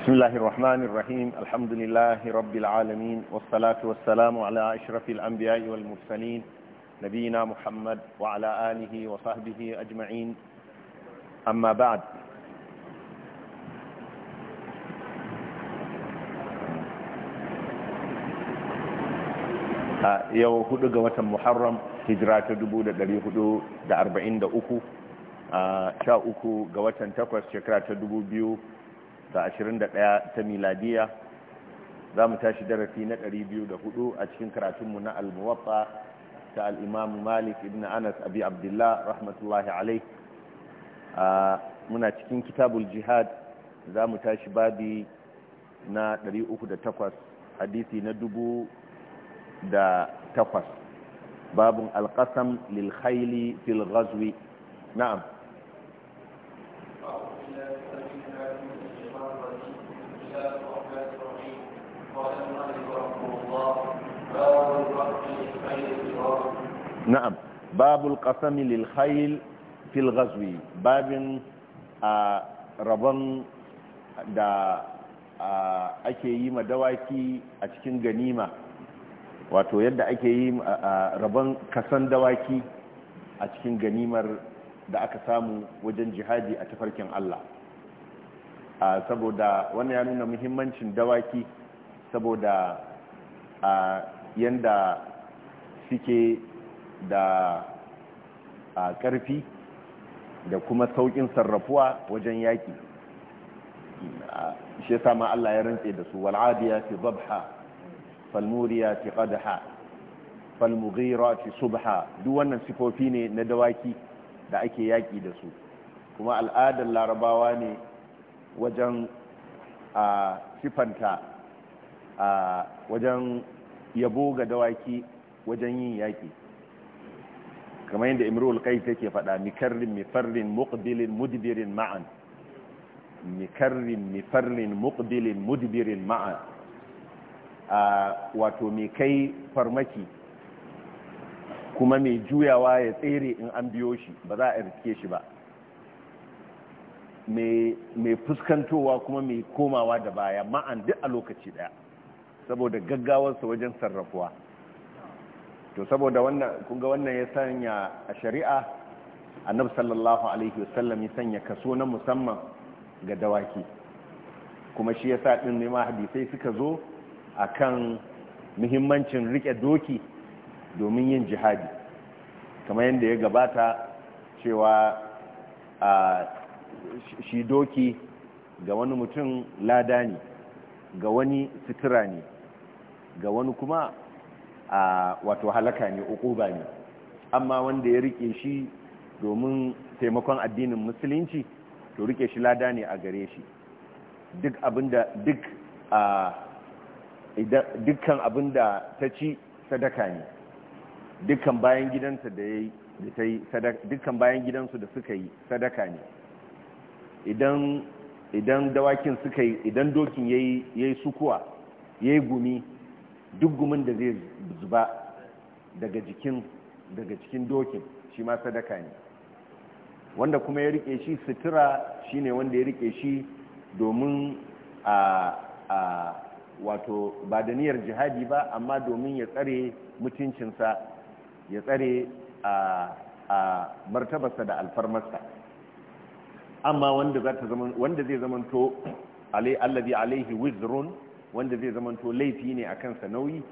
بسم الله الرحمن الرحيم الحمد لله رب العالمين والصلاة والسلام على أشرف الأنبياء والمرسلين نبينا محمد وعلى آله وصحبه أجمعين أما بعد yau hudu ga watan muharram hijira ta 443 a 13 ga قوة تقوى shekara ta ta 21 ta miladiya za mu tashi darasi na 204 a cikin karatunmu na al ta al-imam malik ibn anas abi abdullah rahmatullahi alai muna cikin kitabul jihad za mu tashi babi na 308 hadisi na 1008 babun alkasam lil khayli fil ghazwi na'am na'am babul qasami lil khayl fil ghazwi babin a rabon da ake yi ma dawaki a cikin ganima wato yadda ake yi rabon kasan dawaki a cikin ganimar da aka samu wajen jihadi a tafarkin Allah saboda wannan ya nuna muhimmancin dawaki saboda yanda suke da a ƙarfi da kuma saukin sarrafuwa wajen yaƙi shi yasa ma Allah ya rantse da su wal'adiya fi zabha falmuriya fi qadha falmughira fi subha duk wannan sifofi ne na dawaki da ake yaƙi da su kuma al'adar larabawa ne wajen a sifanta wajen yabo ga dawaki wajen yin yaƙi kamar yadda imrul kai take faɗa mikarrin mifarrin muqbilin mudbirin ma'an mikarrin mifarrin muqbilin mudbirin ma'an wato mai kai farmaki kuma mai juyawa ya tsere in an biyo shi ba za a rike shi ba mai fuskantowa kuma mai komawa da baya ma'an duk a lokaci daya saboda gaggawarsa wajen sarrafuwa to saboda wannan ga wannan ya sanya a shari'a annabi sallallahu alaihi wasallam ya sanya kaso na musamman ga dawaki kuma shi yasa din ne ma hadisai suka zo a kan muhimmancin riƙe doki domin yin jihadi kamar yadda ya gabata cewa a shi doki ga wani mutum lada ne ga wani sutura ne ga wani kuma a wato halaka ne ukuba ne amma wanda ya rike shi domin taimakon addinin musulunci to rike shi lada ne a gare shi duk abinda duk a dukkan abinda ta ci sadaka ne dukkan bayan gidansa da yayi da ta yi dukkan bayan gidansu da suka yi sadaka ne idan idan dawakin suka yi idan dokin ya yi sukuwa ya yi gumi duk gumin da zai zuba daga cikin dokin shi ma sadaka ne wanda kuma ya rike shi sutura shi ne wanda ya rike shi domin a wato ba da niyyar jihadi ba amma domin ya tsare mutuncinsa ya tsare a martabarsa da alfarmarsa amma wanda zai zamanto alai alaihi wizrun wanda zai zamanto laifi ne a kansa nauyi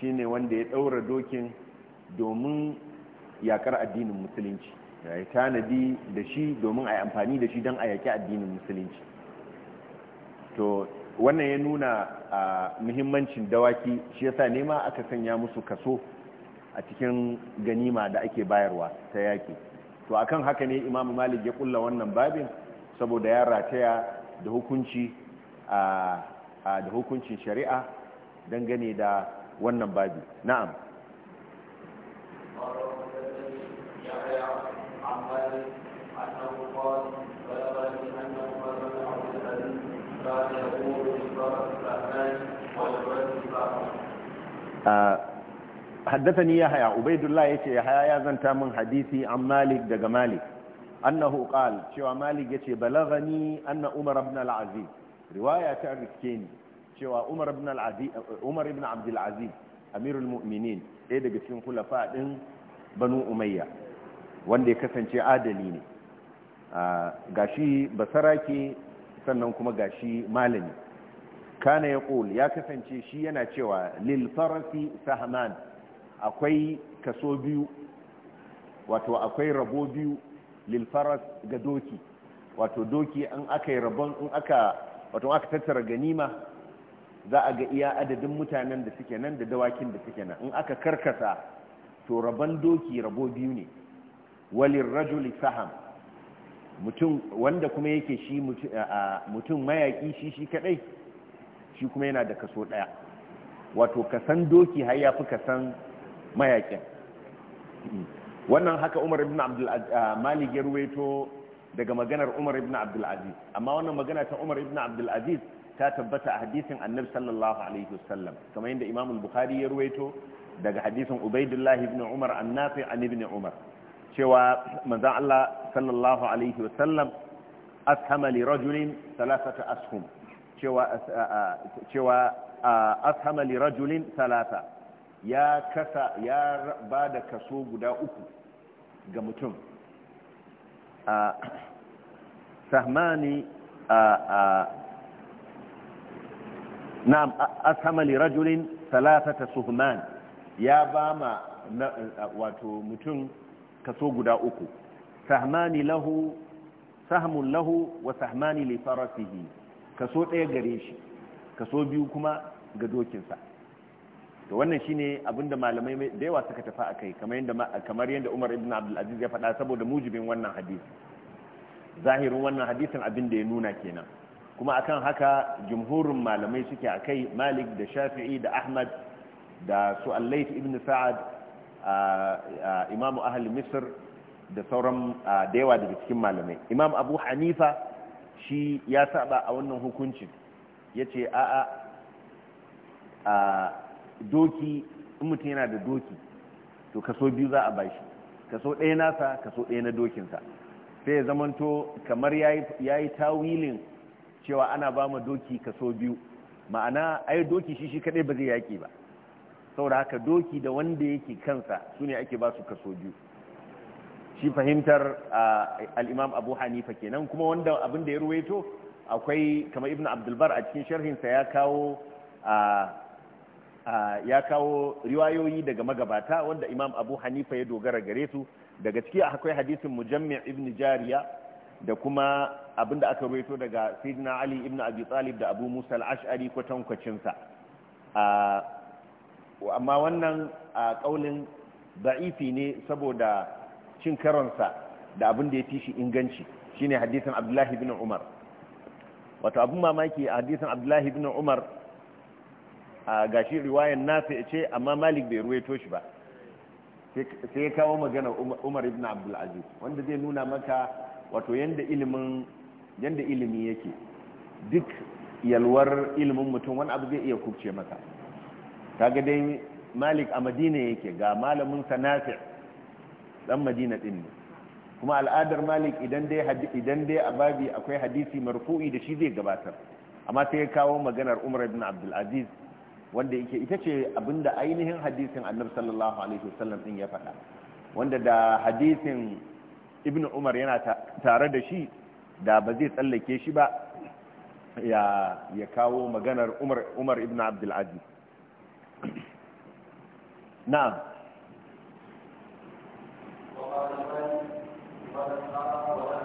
shine wanda ya ɗaura dokin domin yakar addinin musulunci ya yi tanadi da shi domin a yi amfani da shi don a yaki addinin musulunci to wannan ya nuna a muhimmancin dawaki shi yasa nema aka sanya musu kaso a cikin ganima da ake bayarwa ta yaki to akan haka ne imamu malik ya kulla wannan babin saboda ya rataya da hukunci a da hukuncin shari'a dangane da wannan babi na'am haddathani ya haya ubaidullah ya ce ya zanta min hadisi an malik daga malik annahu cewa malik ya ce balagani anna umar ibn riwaya ta ni cewa umar ibn al-aziz umar ibn abd al-aziz amirul mu'minin ɗaya daga cikin khulafa din banu umayya wanda ya kasance adali ne gashi basarake sannan kuma gashi malami kana ya ya kasance shi yana cewa lil farasi sahman akwai kaso biyu wato akwai rabo biyu lil faras ga doki wato doki an aka yi rabon in aka wato aka tattara ganima za a ga iya adadin mutanen da suke nan da dawakin da suke nan in aka karkasa to rabon doki rabo biyu ne walin rajuli saham mutum wanda kuma yake shi mutum mayaki shi shi kadai shi kuma yana da kaso daya wato kasan doki har ya fi kasan mayakin wannan haka umar ibn abdul malik ya ruwaito daga maganar Umar ibn Abdul Aziz amma wannan magana ta Umar ibn Abdul Aziz ta tabbata a hadisin Annabi sallallahu alaihi wasallam kamar yadda Imam bukhari ya ruwaito daga hadisin Ubaydullah ibn Umar annafi an ibn Umar cewa manzon Allah sallallahu alaihi wasallam ashama li rajulin thalathata ashum cewa cewa ashama li rajulin thalatha ya kasa ya bada kaso guda uku ga mutum ah, sahmani a asamali rajulin salatata suhman ya ba ma wato mutum kaso guda uku sahmani lahu sahmun lahu wa sahmani li farasihi kaso daya gare shi kaso biyu kuma ga dokinsa to wannan shine abinda malamai da yawa suka tafi a kai yadda kamar yadda Umar ibn Abdul Aziz ya faɗa saboda mujibin wannan hadisi zahirin wannan hadisin abin da ya nuna kenan kuma akan haka jumhurin malamai suke akai malik da shafi'i da ahmad da su allait ibn sa'ad imamu ahal misr da sauran da yawa daga cikin malamai imam abu hanifa shi ya saba a wannan hukuncin ya ce a a doki in mutum yana da doki to kaso biyu za a bashi kaso ɗaya nasa kaso ɗaya na dokinsa sai ya zamanto kamar ya yi tawilin cewa ana ba mu doki kaso biyu ma'ana ai doki shi shi kadai ba zai yaƙi ba saboda haka doki da wanda yake kansa su ne ake ba su kaso biyu shi fahimtar al'imam abu hanifa kenan kuma wanda abin da ya ruwaito akwai kamar ibn abdulbar a cikin sharhinsa ya kawo ya kawo riwayoyi daga magabata wanda imam abu hanifa ya dogara gare su daga ciki akwai hadisin mujammi' ibn jariya da kuma abinda aka ruwaito daga sayyidina ali ibn abi talib da abu musa al-ash'ari kwatankwacin sa amma wannan kaulin da'ifi ne saboda cin karonsa da abinda ya ya inganci shi inganci shine hadisin abdullahi ibn umar wato abin mamaki a hadisin abdullahi ibn umar gashi riwayan ya ce amma malik bai ruwaito shi ba sai ya kawo magana umar ibn abdulaziz wanda zai nuna maka wato yadda ilimin ilimi yake duk yalwar ilimin mutum wani abu zai iya kubce maka kaga dai malik a madina yake ga malamin sanafi dan madina din ne kuma al'adar malik idan dai idan a babi akwai hadisi marfu'i da shi zai gabatar amma sai ya kawo maganar umar ibn abdulaziz wanda yake ita ce abinda ainihin hadisin annabi sallallahu alaihi wasallam din ya faɗa wanda da hadisin ibn umar yana tare da shi da ba zai tsallake shi ba ya ya kawo maganar umar umar ibn abdul aziz na'am wa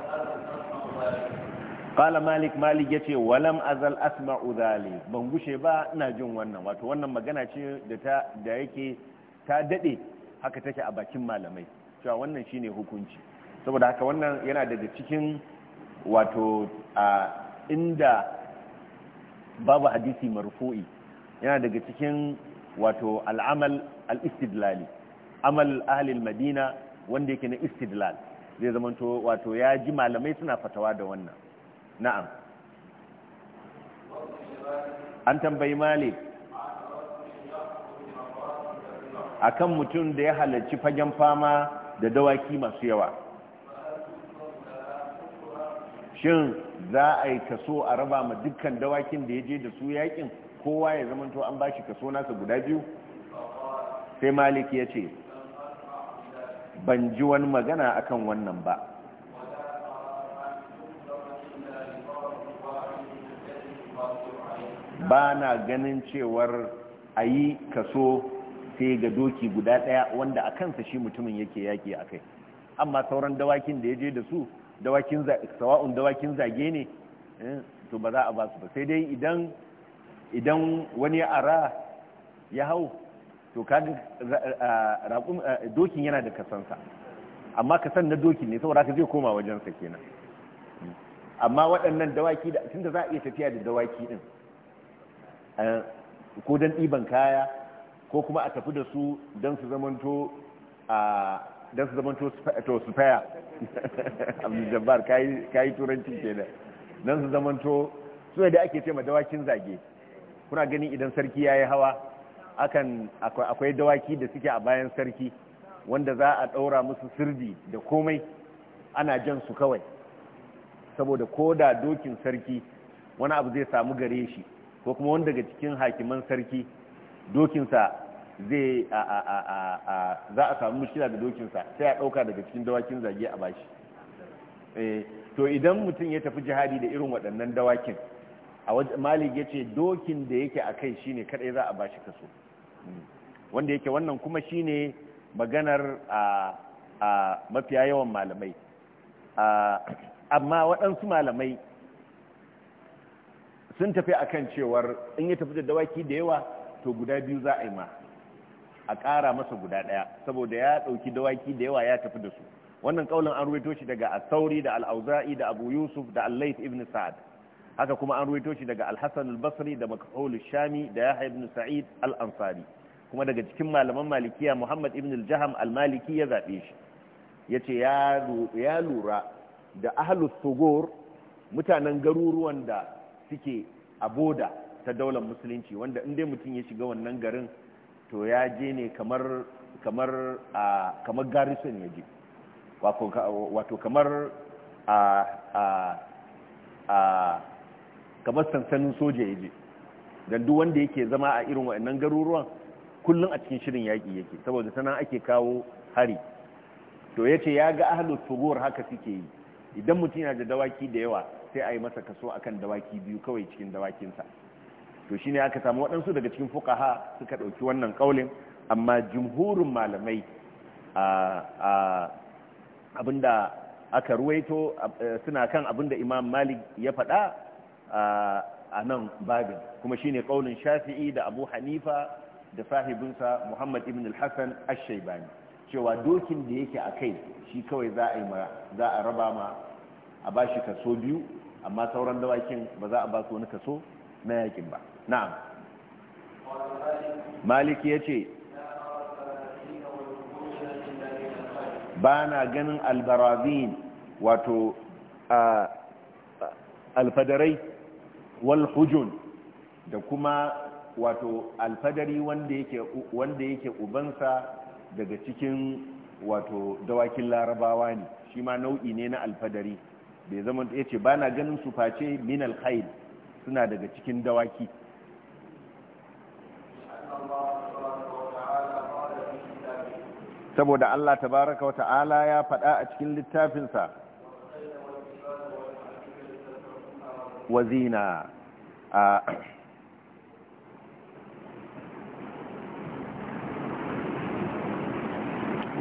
Kala malik malik ya ce walam azal asma'u zali ban gushe ba ina jin wannan wato wannan magana ce da ta da yake ta dade haka take a bakin malamai cewa wannan shine hukunci saboda haka wannan yana daga cikin wato a inda babu hadisi marfu'i yana daga cikin wato al'amal al-istidlali amal ahlil madina wanda yake na istidlal zai zamanto wato ya ji malamai suna fatawa da wannan na'am an tambayi malik akan mutum da ya halarci fagen fama da dawaki masu yawa shin za a yi kaso a raba ma dukkan dawakin da ya je da su yakin kowa ya zama to an bashi kaso nasa guda biyu sai malik ya ce ban ji wani magana akan wannan ba ba na ganin cewar a yi kaso sai ga doki guda ɗaya wanda a kansa shi mutumin yake yaƙi a kai amma sauran dawakin da ya je da su dawakin sawa'un dawakin zage ne eh, to ba za a ba su ba sai dai idan wani wani ara ya hau to dokin yana da kasansa amma kasan na dokin ne saboda ka zai koma wajensa kenan amma waɗannan dawaki da da za a iya tafiya da dawaki din ko don ɗiban kaya ko kuma a tafi da su don su zamanto don su zamanto to su faya abdulljabbar kayi ke kenan don su zamanto su da ake ce ma dawakin zage kuna gani idan sarki ya yi hawa akan akwai dawaki da suke a bayan sarki wanda za a ɗaura musu sirdi da komai ana jan su kawai saboda ko da dokin sarki wani abu zai samu gare shi ko kuma wanda daga cikin hakiman sarki dokinsa zai za a samu mushila da dokinsa sai a ɗauka daga cikin dawakin zage a bashi eh, to idan mutum ya tafi jihadi da irin waɗannan dawakin a wajen malik ya ce dokin da yake a kai shi ne kaɗai za a bashi kaso wanda yake wannan kuma shi ne maganar a mafiya yawan malamai amma waɗansu malamai sun tafi a kan cewar in ya tafi da dawaki da yawa to guda biyu za a yi ma a ƙara masa guda ɗaya saboda ya ɗauki dawaki da yawa ya tafi da su wannan kaulin an ruwaito shi daga asauri da al auza'i da abu yusuf da allait ibn sa'ad haka kuma an ruwaito shi daga al-hasan al-basri da makhul shami da yahya ibn sa'id al-ansari kuma daga cikin malaman malikiya muhammad ibn al-jaham al-maliki ya zabe shi yace ya ya lura da ahlus sugur mutanen garuruwan da suke a boda ta daular musulunci wanda inda mutum ya shiga wannan garin to ya je ne kamar garrison ya je wato kamar kamar sansanin soja ya je don duk wanda yake zama a irin waɗannan garuruwan kullum a cikin shirin yaƙi yake saboda sanan ake kawo hari to ya ce ya ga ahalu tugur haka suke yi idan mutum yana da dawaki da yawa sai a yi masa kaso akan dawaki biyu kawai cikin dawakinsa to shine aka samu waɗansu daga cikin fukaha suka ɗauki wannan ƙaulin amma jimhurin malamai abinda aka ruwaito suna kan abinda imam malik ya faɗa a nan babin kuma shine ƙaunin shafi'i da abu hanifa da sahibinsa muhammad ibn al-hassan ashaibani cewa dokin da yake a kai shi kawai za a raba ma a bashi kaso biyu amma sauran dawakin ba za a ba su wani kaso na yakin ba na'am maliki ya ce ba na ganin albarazin wato alfadarai walhujun da kuma wato alfadari wanda yake ubansa daga cikin wato dawakin larabawa ne shi ma nau'i ne na alfadari bai zama ya ce ba na ganin su face min alkhail suna daga cikin dawaki saboda Allah Ta tabaraka wata'ala ya faɗa a cikin littafinsa wazina a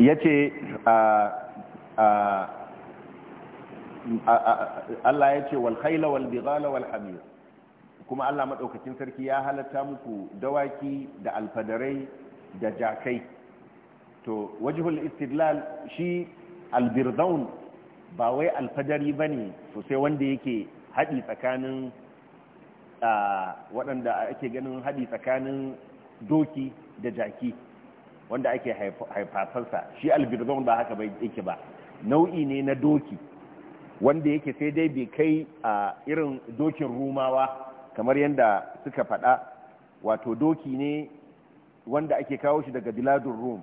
ya ce a Allah ya ce wal khayla wal bighala wal hamir kuma Allah madaukakin sarki ya halatta muku dawaki da alfadarai da jakai to wajhul istidlal shi birdaun ba wai alfadari bane sosai wanda yake haɗi tsakanin waɗanda ake ganin haɗi tsakanin doki da jaki wanda ake haifafansa shi albirdaun ba haka bai yake ba nau'i ne na doki wanda yake sai dai bai kai a irin dokin rumawa kamar yadda suka faɗa wato doki ne wanda ake kawo shi daga biladun rum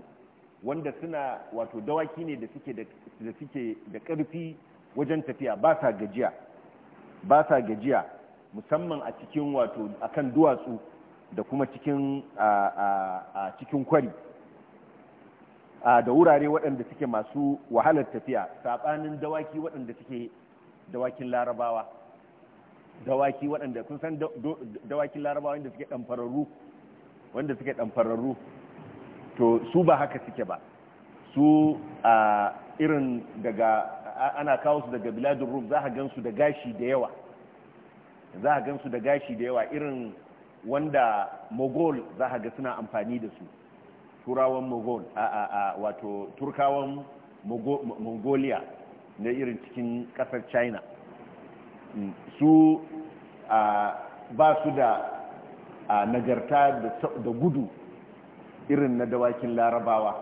wanda suna wato dawaki ne da suke da ƙarfi wajen tafiya ba sa gajiya ba sa gajiya musamman a cikin wato akan duwatsu da kuma a cikin kwari da wurare waɗanda suke masu wahalar tafiya saɓanin dawaki waɗanda suke dawakin larabawa dawaki waɗanda sun san dawakin larabawa wanda suke ɗanfararru wanda suke ɗanfararru to su ba haka suke ba su a irin daga ana kawo su daga biladun rum za a gansu da gashi da yawa za a gansu da gashi da yawa irin wanda mogol za a ga suna amfani da su turawan mongol a wato turkawan mongolia na irin cikin kasar china mm, su ba su da nagarta da gudu irin na dawakin larabawa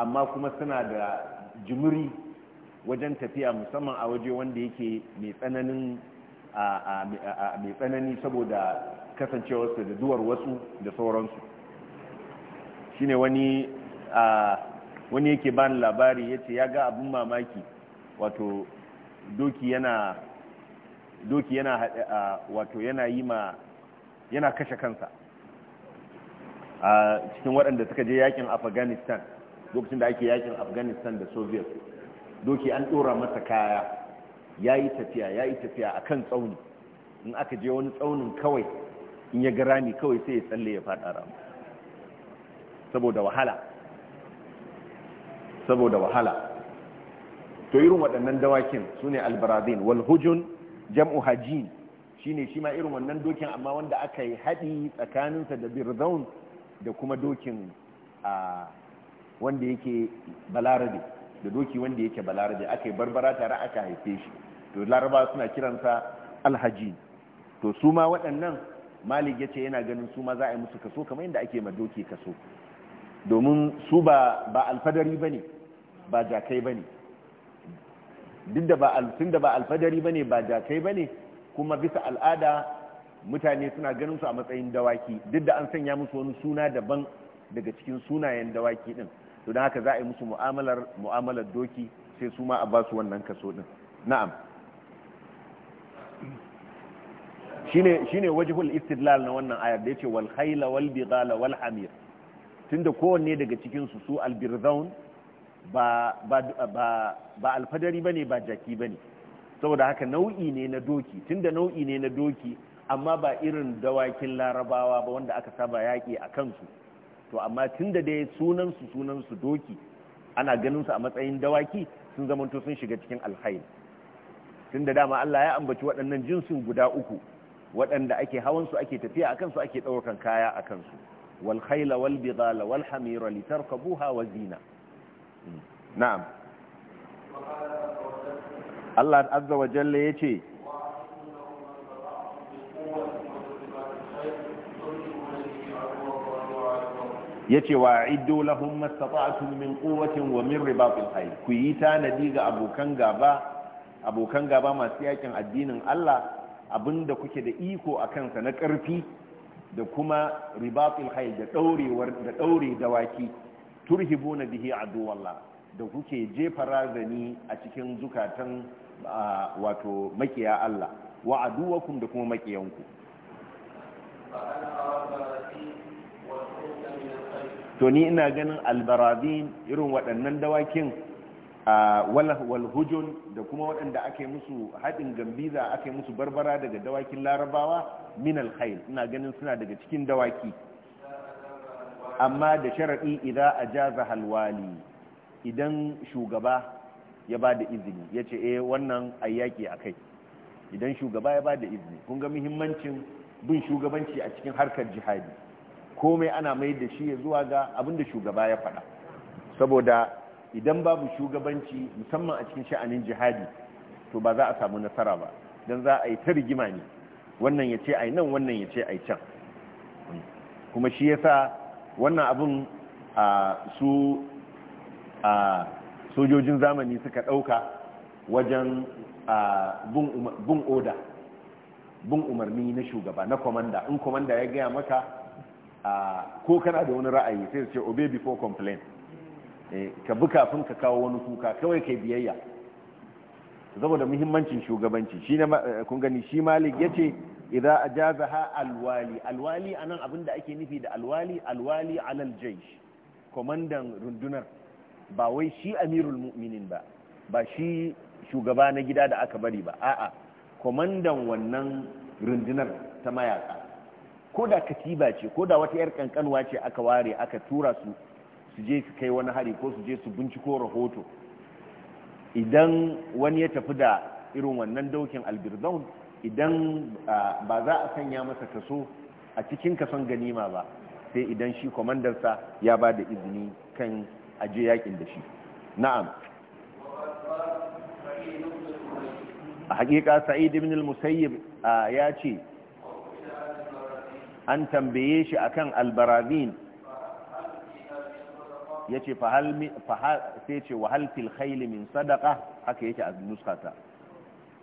amma kuma suna da jimiri wajen tafiya musamman a waje wanda yake mai tsanani saboda kasancewarsu da duwar wasu da sauransu shine wani a wani yake bani labari ya ce ya ga abin mamaki wato doki yana doki yana wato yana yi ma yana kashe kansa a cikin waɗanda suka je yakin afghanistan lokacin da ake yakin afghanistan da soviet doki an ɗora masa kaya ya yi tafiya ya yi tafiya a kan tsauni in aka je wani tsaunin kawai in ya ga rami kawai sai ya tsalle ya faɗa rama. saboda wahala saboda wahala to irin waɗannan dawakin su ne albarazin walhujun jam'u hajjin shi ne shi ma irin wannan dokin amma wanda aka yi haɗi tsakaninsa da birzaun da kuma dokin wanda yake balarabe da doki wanda yake balarabe aka yi barbara tare aka haife shi to laraba suna kiransa alhaji to su ma waɗannan malik ya ce yana ganin su ma za a yi musu kaso kamar yadda ake ma doki kaso domin su ba alfadari ba ne ba jakai bane duk da ba alfadari ba ne ba jakai ba kuma bisa al'ada mutane suna ganin su a matsayin dawaki duk da an sanya musu wani suna daban daga cikin sunayen dawaki din to don haka za a yi musu mu'amalar mu'amalar doki sai su ma a ba su wannan kaso din na'am shine shine wajhul istidlal na wannan ayar da yace wal khayla wal bighala wal hamir tunda kowanne daga cikinsu su albirzaun ba alfadari ba ne ba jaki ba ne saboda haka nau'i ne na doki tunda nau'i ne na doki amma ba irin dawakin larabawa ba wanda aka saba yaƙi a kansu to amma tunda dai sunansu sunansu doki ana ganinsu a matsayin dawaki sun zamanto sun shiga cikin alhail tunda dama Allah ya ambaci waɗannan jinsin guda uku waɗanda ake hawansu ake tafiya a kansu ake ɗaukan kaya a kansu wal khayla wal bidala wal hamira litarkabuha wa zina na'am Allah wa yace wa iddu lahum mastata'tum min quwwatin wa min ribatil khayl ku yi tanadi ga abokan gaba abokan gaba masu yakin addinin Allah abinda kuke da iko akan sa na karfi da kuma ribatul hayl da daurewar da daure dawaki turhibuna bihi aduwallah da kuke jefa razani a cikin zukatan wato makiya Allah wa aduwakum da kuma makiyanku to ni ina ganin albaradin irin waɗannan dawakin walhujun da kuma waɗanda ake musu haɗin gambiza ake musu barbara daga dawakin larabawa min alkhail ina ganin suna daga cikin dawaki amma da sharaɗi idan a jaza halwali idan shugaba ya ba da izini ya ce eh wannan ayyaki a kai idan shugaba ya bada izini kun ga muhimmancin bin shugabanci a cikin harkar jihadi komai ana mai da shi ya zuwa ga abinda shugaba ya faɗa saboda idan babu shugabanci musamman a cikin sha'anin jihadi to ba za a samu nasara ba don za a yi ta rigima ne wannan ya ce ai nan wannan ya ce ai can kuma shi ya sa wannan abin su a sojojin zamani suka ɗauka wajen bin oda bin umarni na shugaba na komanda in komanda ya gaya maka ko kana da wani ra'ayi sai su ce obey before complaint Eh, ka bi kafin ka kawo wani kuka kawai kai biyayya saboda muhimmancin shugabanci shi na eh, kun gani shi malik ya ce idan ja-za ha alwali alwali a anan abinda ake nufi da alwali alwali alal jaish kwamandan rundunar ba wai shi amirul mu'minin ba ba shi shugaba na gida da aka bari ba a'a kwamandan wannan rundunar ta mayaka ko da katiba ce ko da wata yar kankanwa ce aka ware aka tura su su je su kai wani hari ko su je su binciko rahoto idan wani ya tafi da irin wannan daukin albirdaun idan ba za a sanya masa kaso a cikin kason ganima ba sai idan shi kwamandarsa ya ba da izini kan aje yakin da shi na'am a hakika sa'id ibn al ya ce an tambaye shi akan albarazin yace fa hal sai ce wahal fil khayl min sadaqa haka yake a nuskata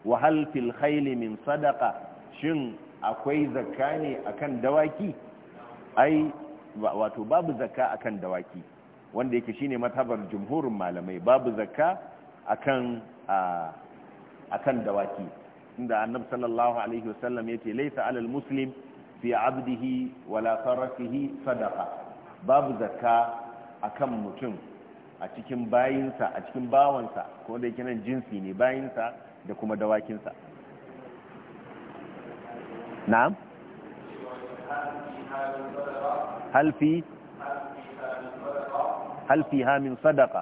wa fil khayl min sadaqa shin akwai zakka ne akan dawaki ai wato babu zakka akan dawaki wanda yake shine matabar jumhurin malamai babu zakka akan akan dawaki inda annabi sallallahu alaihi wasallam yace laysa alal muslim fi abdihi wala farasihi sadaka babu zakka a kan mutum a cikin bayinsa a cikin bawansa ko da yake nan jinsi ne bayinsa da kuma dawakinsa na'am halfi halfi hamin sadaka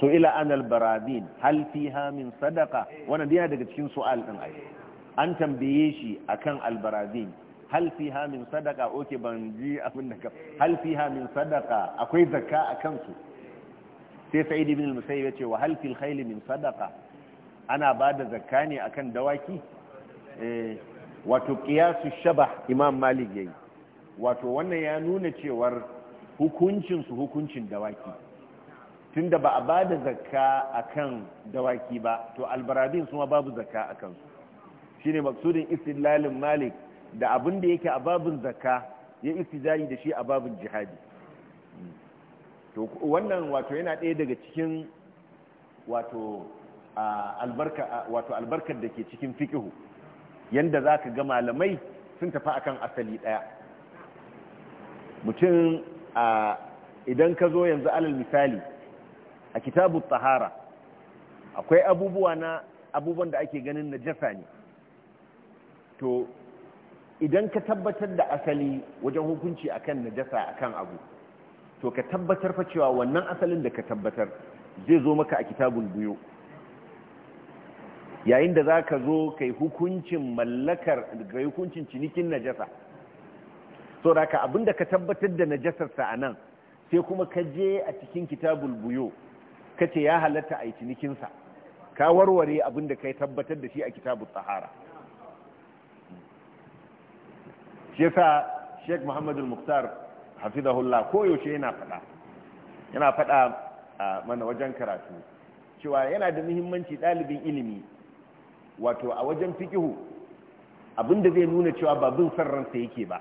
so ila anal barabin halfi hamin sadaka wannan yana daga cikin su'al din ai an tambaye shi akan albarazin hal fiha min sadaka oke ban ji abin da hal fiha min sadaka akwai zakka a kansu sai sa'id ibn al-musayyib yace wa hal fil khayl min sadaka ana bada zakka ne akan dawaki eh wato qiyasu shabah imam malik yayi wato wannan ya nuna cewar hukuncin su hukuncin dawaki tunda ba a ba da zakka akan dawaki ba to albaradin suma babu zakka a kansu shi ne maksudin istilalin malik da abin da yake a babin zakka ya iftizari da shi a babin jihadi to wannan wato yana ɗaya daga cikin wato albarka wato albarkar da ke cikin fiqhu yanda zaka ga malamai sun tafi akan asali ɗaya mutum idan ka zo yanzu alal misali a kitabu tahara akwai abubuwa na abubuwan da ake ganin najasa ne to idan ka tabbatar da asali wajen hukunci akan najasa akan abu to ka tabbatar fa cewa wannan asalin da ka tabbatar zai zo maka a kitabun buyu yayin da za ka zo kai hukuncin mallakar ga hukuncin cinikin najasa so da ka abinda ka tabbatar da najasarsa a nan sai kuma ka je a cikin kitabul buyo ka ce ya halatta a yi cinikinsa ka warware abinda ka tabbatar da shi a kitabun tsahara shi sa Sheikh Muhammad hafiza muqtar hafizahullah ko yaushe yana fada yana fada a mana wajen karatu cewa yana da muhimmanci dalibin ilimi wato a wajen fikihu abinda zai nuna cewa ba bin ransa yake ba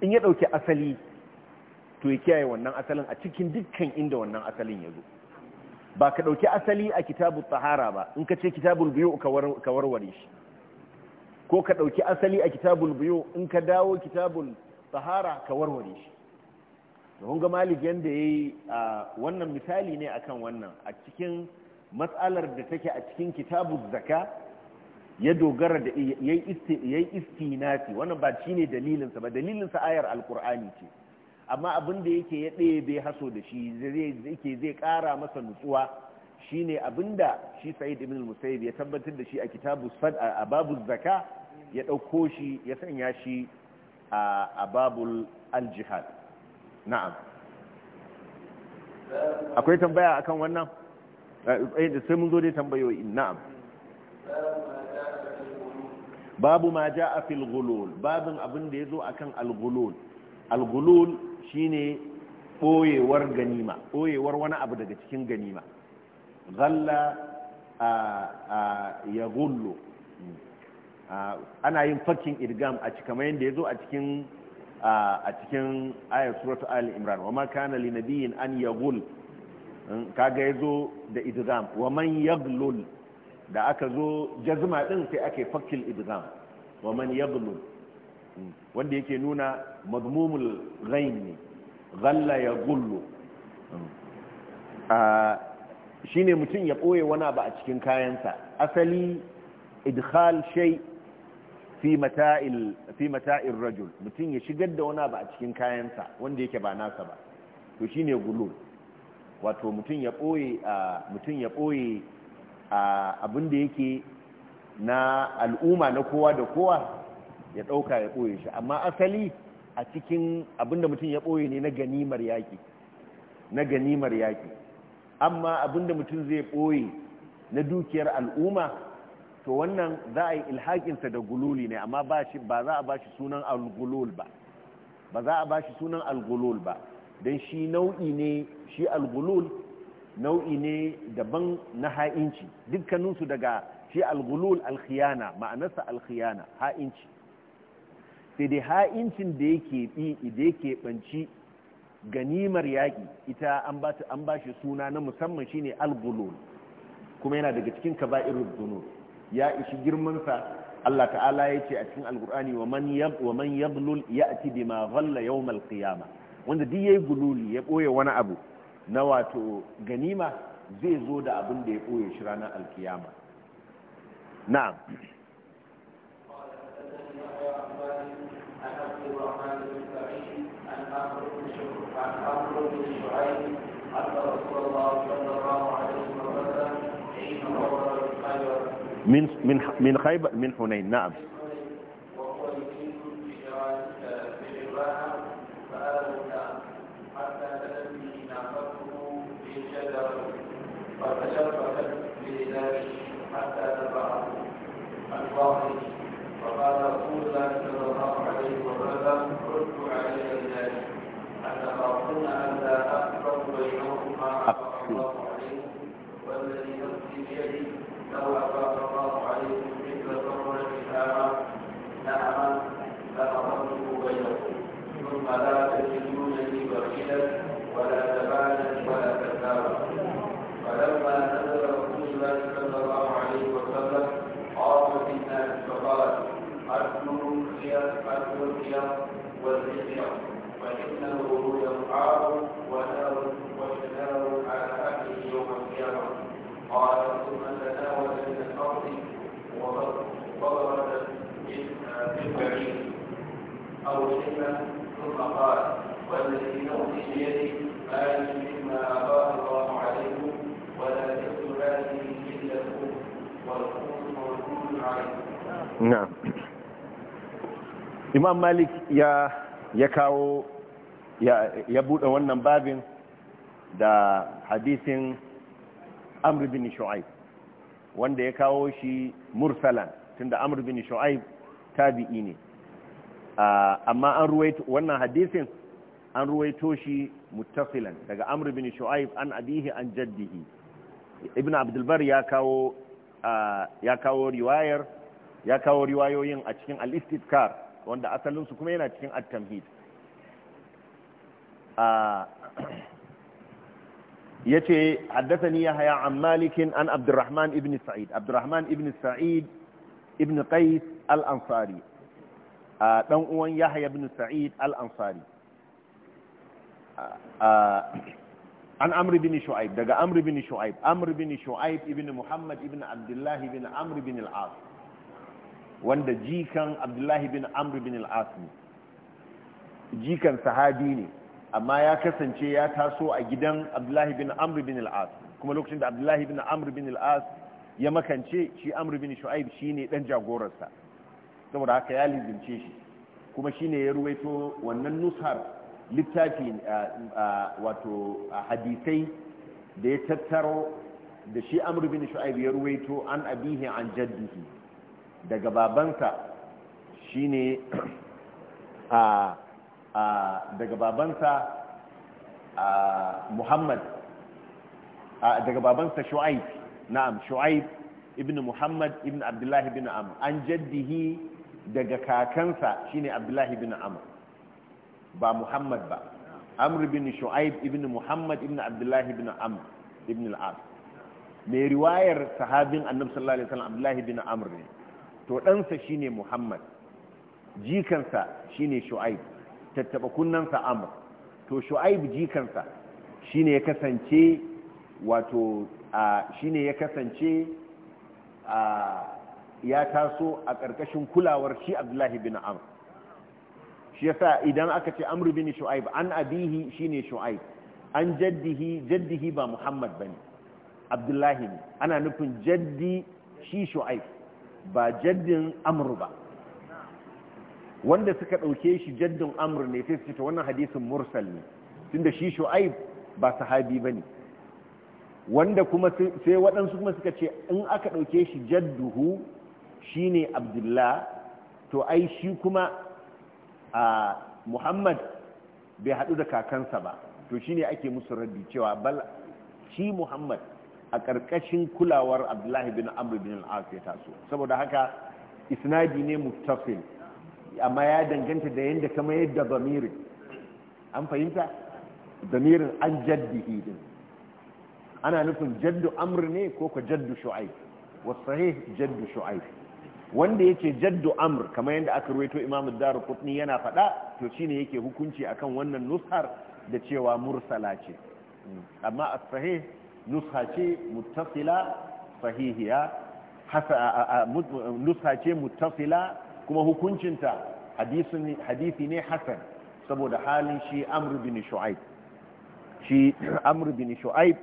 in ya dauki asali to ya kiyaye wannan asalin a cikin dukkan inda wannan asalin ya zo ba ka ɗauki asali a kitabu tsahara ba in ka ce kitabun biyu ka warware shi ko ka ɗauki asali a kitabul biyo in ka dawo kitabul sahara ka warware shi kun ga malik yadda ya yi wannan misali ne akan wannan a cikin matsalar da take a cikin kitabul zaka ya dogara da ya yi istinafi wannan ba shi ne dalilinsa ba dalilinsa ayar alkur'ani ce amma abin da yake ya ɗaya bai haso da shi yake zai ƙara masa nutsuwa Shi ne abin da shi sa'id ibn musayib ya tabbatar da shi a kitabu a babu zaka ya ɗauko shi ya sanya shi a babul aljihad na'am akwai tambaya akan wannan da eh, eh, sai mun zo dai tambayoyi na'am babu ma ja'a a ghulul babin abin da yazo akan al-ghulul al-ghulul shine boyewar ganima boyewar wani abu daga cikin ganima ghalla ya ghullu ana yin fakin idgam a cikin kamar yadda ya zo a cikin a cikin ayar suratu al imran wa ma kana li nabiyyin an yagul hmm, kaga zo da idgam wa man yaghlul da aka zo jazma din sai ake fakil idgam wa man yaghlul hmm, wanda yake nuna madmumul ghain ne ghalla yaghullu hmm, shine mutum ya ɓoye wani abu a cikin kayansa asali idkhal shay fi mata'il fi rajul mutum ya shigar da wani abu a cikin kayansa wanda yake ba nasa ba to shine gulul wato mutum ya boye ya boye abin da yake na al'umma na kowa da kowa ya dauka ya boye shi amma asali a cikin abin da mutum ya boye ne na ganimar yaki na ganimar yaki amma abin da mutum zai ɓoye na dukiyar al'umma to wannan za a yi ilhakinsa da gululi ne amma ba za a ba shi sunan algulul ba ba za a ba shi sunan algulul ba don shi nau'i ne shi algulul nau'i ne daban na ha'inci dukkaninsu daga shi algulul alkhiyana ma'anarsa alkhiyana ha'inci sai dai ha'incin da yake bi da yake banci ganimar yaƙi ita an ba shi suna na musamman shine algulul kuma yana daga cikin kaba'irul dunub ya ishi girmansa Allah ta'ala ya ce a cikin alkur'ani wa man yablul ya'ti bima ghalla yawmal qiyama wanda duk yayi gululi ya ɓoye wani abu na wato ganima zai zo da abin da ya ɓoye shi ranar alkiyama na'am من من من خيبر من حنين نعم imam malik ya ya kawo ya buɗe wannan babin da hadisin amr bin shu'aib wanda ya kawo shi mursalan tunda amr bin shu'aib tabi'i ne amma an ruwaito wannan hadisin an ruwaito shi muttasilan daga amr bin shu'aib an abihi an jaddihi ibn abdulbar ya kawo ya kawo riwayar ya kawo riwayoyin a cikin al-istidkar wanda asalinsu kuma yana cikin at-tamhid yace haddathani yahya an malik an abdurrahman ibn sa'id abdurrahman ibn sa'id ibn qais al-ansari dan uwan yahya ibn sa'id al-ansari an amr ibn shu'aib daga amr ibn shu'aib amr ibn shu'aib ibn muhammad ibn abdullah ibn amr ibn al-as wanda jikan abdullahi bin amr bin al jikan sahabi ne amma ya kasance ya taso a gidan abdullahi bin amr bin al’as kuma lokacin da abdullahi bin amr bin al’as ya makance shi amr bin shu'aib shine dan jagorarsa saboda haka ya lizince shi kuma shine ya ruwaito wannan nushar littafi wato hadisai da ya tattaro da shi amr bin shu'aib ya ruwaito an abihi an jaddihi daga babansa shine a daga babansa Muhammad daga babansa Shu'aib na'am Shu'aib ibn Muhammad ibn Abdullah ibn Amr an jaddihi daga kakansa shine Abdullah ibn Amr ba Muhammad ba Amr ibn Shu'aib ibn Muhammad ibn Abdullah ibn Amr ibn al-As mai riwayar sahabin Annabi sallallahu alaihi wasallam Abdullah ibn Amr ne to ɗansa shine muhammad jikansa shine shu'aib tattaba kunnansa Amur to shu'aib jikansa shine ya kasance wato shine ya kasance ya taso a ƙarƙashin kulawar shi abdullahi bin Amur shi yasa idan aka ce Amur bin shu'aib an abihi shine shu'aib an jaddihi jaddihi ba muhammad bane abdullahi ne ana nufin jaddi shi shu'aib ba jaddin amru ba wanda suka ɗauke shi jaddin amru ne sai su ce wannan hadisin mursal ne tunda shi shu'aib ba sahabi ba ne wanda kuma sai waɗansu kuma suka ce in aka ɗauke shi jadduhu shi ne abdullah to ai shi kuma a muhammad bai haɗu da kakansa ba to shi ne ake musu raddi cewa bal shi muhammad a ƙarƙashin kulawar abdullahi bin amr bin al'as ya taso saboda haka isnadi ne muttasil amma ya danganta da yadda kama yadda zamirin an fahimta zamirin an jaddi ana nufin jaddu amr ne ko ka jaddu shu'aib wasahih jaddu shu'aib wanda yake jaddu amr kamar yadda aka ruwaito imam daru kutni yana faɗa to shine yake hukunci akan wannan nusar da cewa mursala ce amma as-sahih nusha ce muttasila sahihiya kuma hukuncinta hadisi ne Hassan saboda halin shi Amru bin shu'aib shi amr bin shu'aib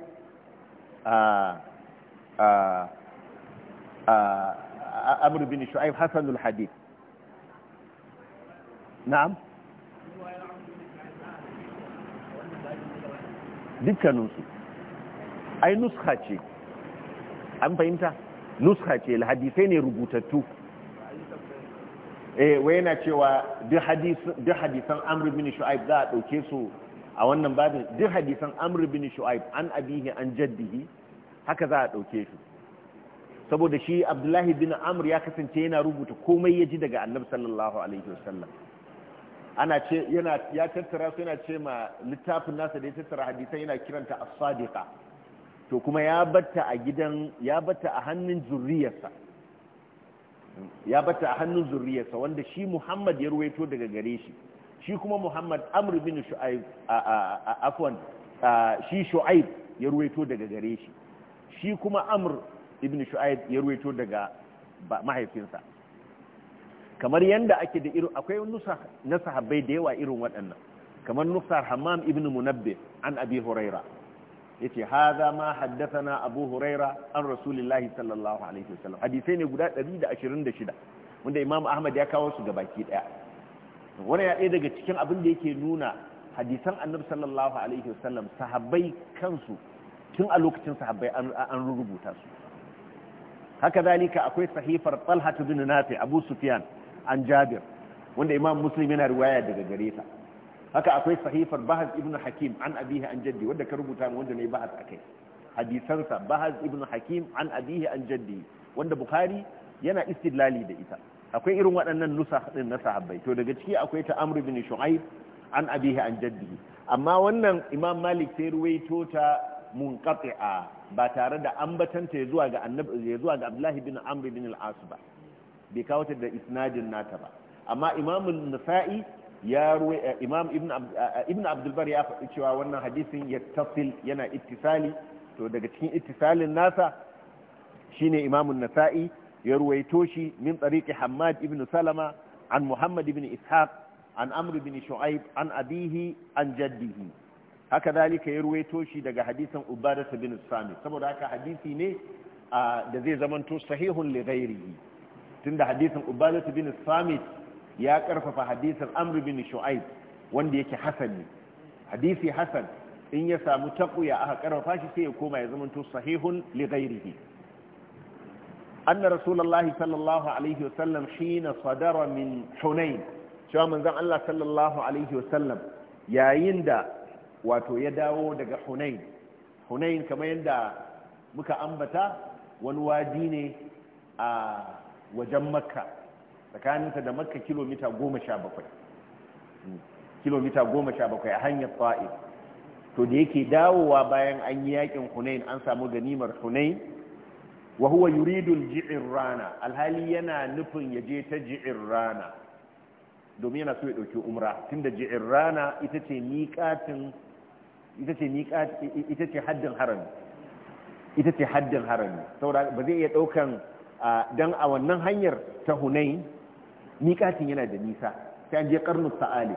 amr bin shu'aib hasanul hadith na'am dukkaninsu ai nuskha ce an fahimta nuskha ce hadisai ne rubutattu eh wai yana cewa duk hadisan amr bin shu'aib za a dauke su a wannan babin duk hadisan amr bin shu'aib an abihi an jaddihi haka za a dauke shi saboda shi abdullahi bin amr ya kasance yana rubuta komai ya ji daga annabi sallallahu alaihi wasallam ana ce yana ya tattara su yana ce ma littafin nasa da ya tattara hadisan yana kiranta as-sadiqa to kuma ya batta a gidan ya batta a hannun zurriyarsa ya batta a hannun zurriyarsa wanda shi Muhammad ya ruwaito daga gare shi shi kuma Muhammad Amr bin Shu'aib afwan shi Shu'aib ya ruwaito daga gare shi shi kuma Amr ibn Shu'aib ya ruwaito daga mahaifinsa kamar yanda ake da irin akwai nusa na sahabbai da yawa irin waɗannan kamar nusar Hammam ibn Munabbih an Abi Hurairah ya ce haza ma na abu huraira an rasulillahi sallallahu alaihi wasallam hadisai ne guda 126 wanda imam ahmad ya kawo su gabaki daya wani ya ɗaya daga cikin abin da yake nuna hadisan annabi sallallahu alaihi wasallam sahabbai kansu tun a lokacin sahabbai an rubuta su haka zalika akwai sahifar talha bin nafi abu sufyan an jabir wanda imam muslim yana riwaya daga gare ta haka akwai sahifar bahaz ibn hakim an abihi an jaddi wanda ka rubuta mu wanda ne bahaz akai hadisansa bahaz ibn hakim an abihi an jaddi wanda bukhari yana istidlali da ita akwai irin waɗannan nusa din na sahabbai to daga ciki akwai ta amr ibn shu'aib an abihi an jaddi amma wannan imam malik sai ruwaito ta munqati'a ba tare da ambatanta zuwa ga annabi zuwa ga abdullahi bin amr bin al-as ba bai kawo da isnadin nata ba amma imam an-nasa'i ya ruwa eh, imam ibn eh, eh, abdulbar ya faɗi cewa wannan hadisin ya tafil yana ittisali to daga cikin ittisalin nasa shine imamun nasa'i ya ruwaito shi min tsariki hamad ibn salama an muhammad ibn ishaq an amr ibn shu'aib an abihi an jaddihi haka zalika ya ruwaito shi daga hadisin ubadatu bin sami saboda haka hadisi ne ah, da zai zamanto sahihun li ghairihi tunda hadisin ubadatu bin samit ya karfafa hadisin amr bin shu'aib wanda yake hasan hadisi hasan in ya samu taquya aka karfafa shi sai ya koma ya zamanto sahihun li ghairihi anna rasulullahi sallallahu alaihi wasallam hina sadara min hunain cewa manzon Allah sallallahu alaihi wasallam yayin da wato ya dawo daga hunain hunain kamar yadda muka ambata wani waji ne a wajen makka tsakaninsa da makka kilomita goma sha bakwai kilomita goma sha bakwai a hanyar fail to da yake dawowa bayan an yi yakin hunain an samu ganimar hunain wa huwa yuridun ji’in rana alhali yana nufin ya je ta ji’in rana domin yana so ya ɗauki umra Tun da ji’in rana ita ce haddin harami ita ce haddin harami saboda ba zai iya ɗaukan dan a wannan hanyar ta hunain miƙatin yana da nisa sai an je karnus sa'ali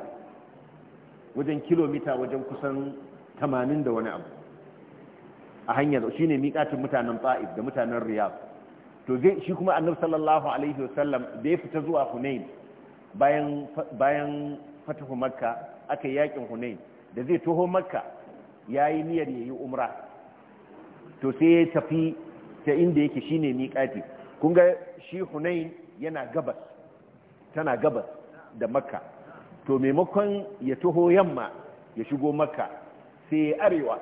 wajen kilomita wajen kusan 80 da wani abu a hanyar shi ne miƙatin mutanen ba'id da mutanen riyab to zai shi kuma annabi sallallahu alaihi wasallam da fita zuwa hunain bayan bayan fatahu makka aka yi yakin hunain da zai toho makka ya yi niyyar ya yi umra to sai ya tafi ta inda yake shine miƙati kun ga shi hunain yana gabas tana gabas da makka to maimakon ya taho yamma ya shigo makka sai ya arewa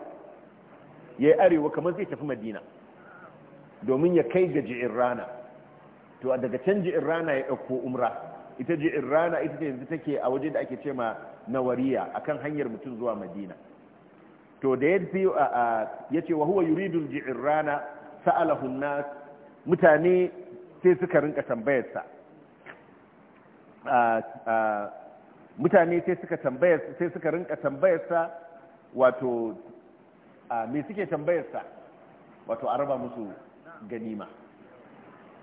ya arewa kamar zai tafi madina domin ya kai ga ji'in rana to daga can ji'in rana ya ɗauko umra ita ji'in rana ita ce yanzu take a waje da ake ce ma nawariya akan hanyar mutum zuwa madina to da ya ce wa huwa yuridul ji'in rana sa'alahun na mutane sai suka rinka tambayarsa mutane sai suka tambayar sai suka rinka tambayar sa wato me suke tambayar sa wato a musu ganima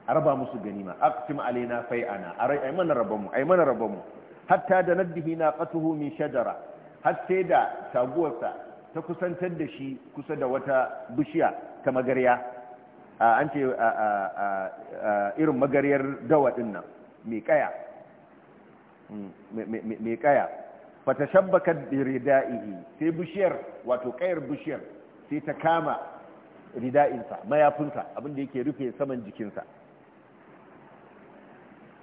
a musu ganima aqsim alaina fai'ana ai mana rabamu ai mana mu. hatta da naddihi naqatuhu min shajara har sai da sa ta kusantar da shi kusa da wata bishiya ta magarya an ce irin magaryar dawa din nan mai kaya mai kaya fata shabbakar da rida'ihi sai bishiyar wato kayar bishiyar sai ta kama rida'insa mayafinsa abinda yake rufe saman jikinsa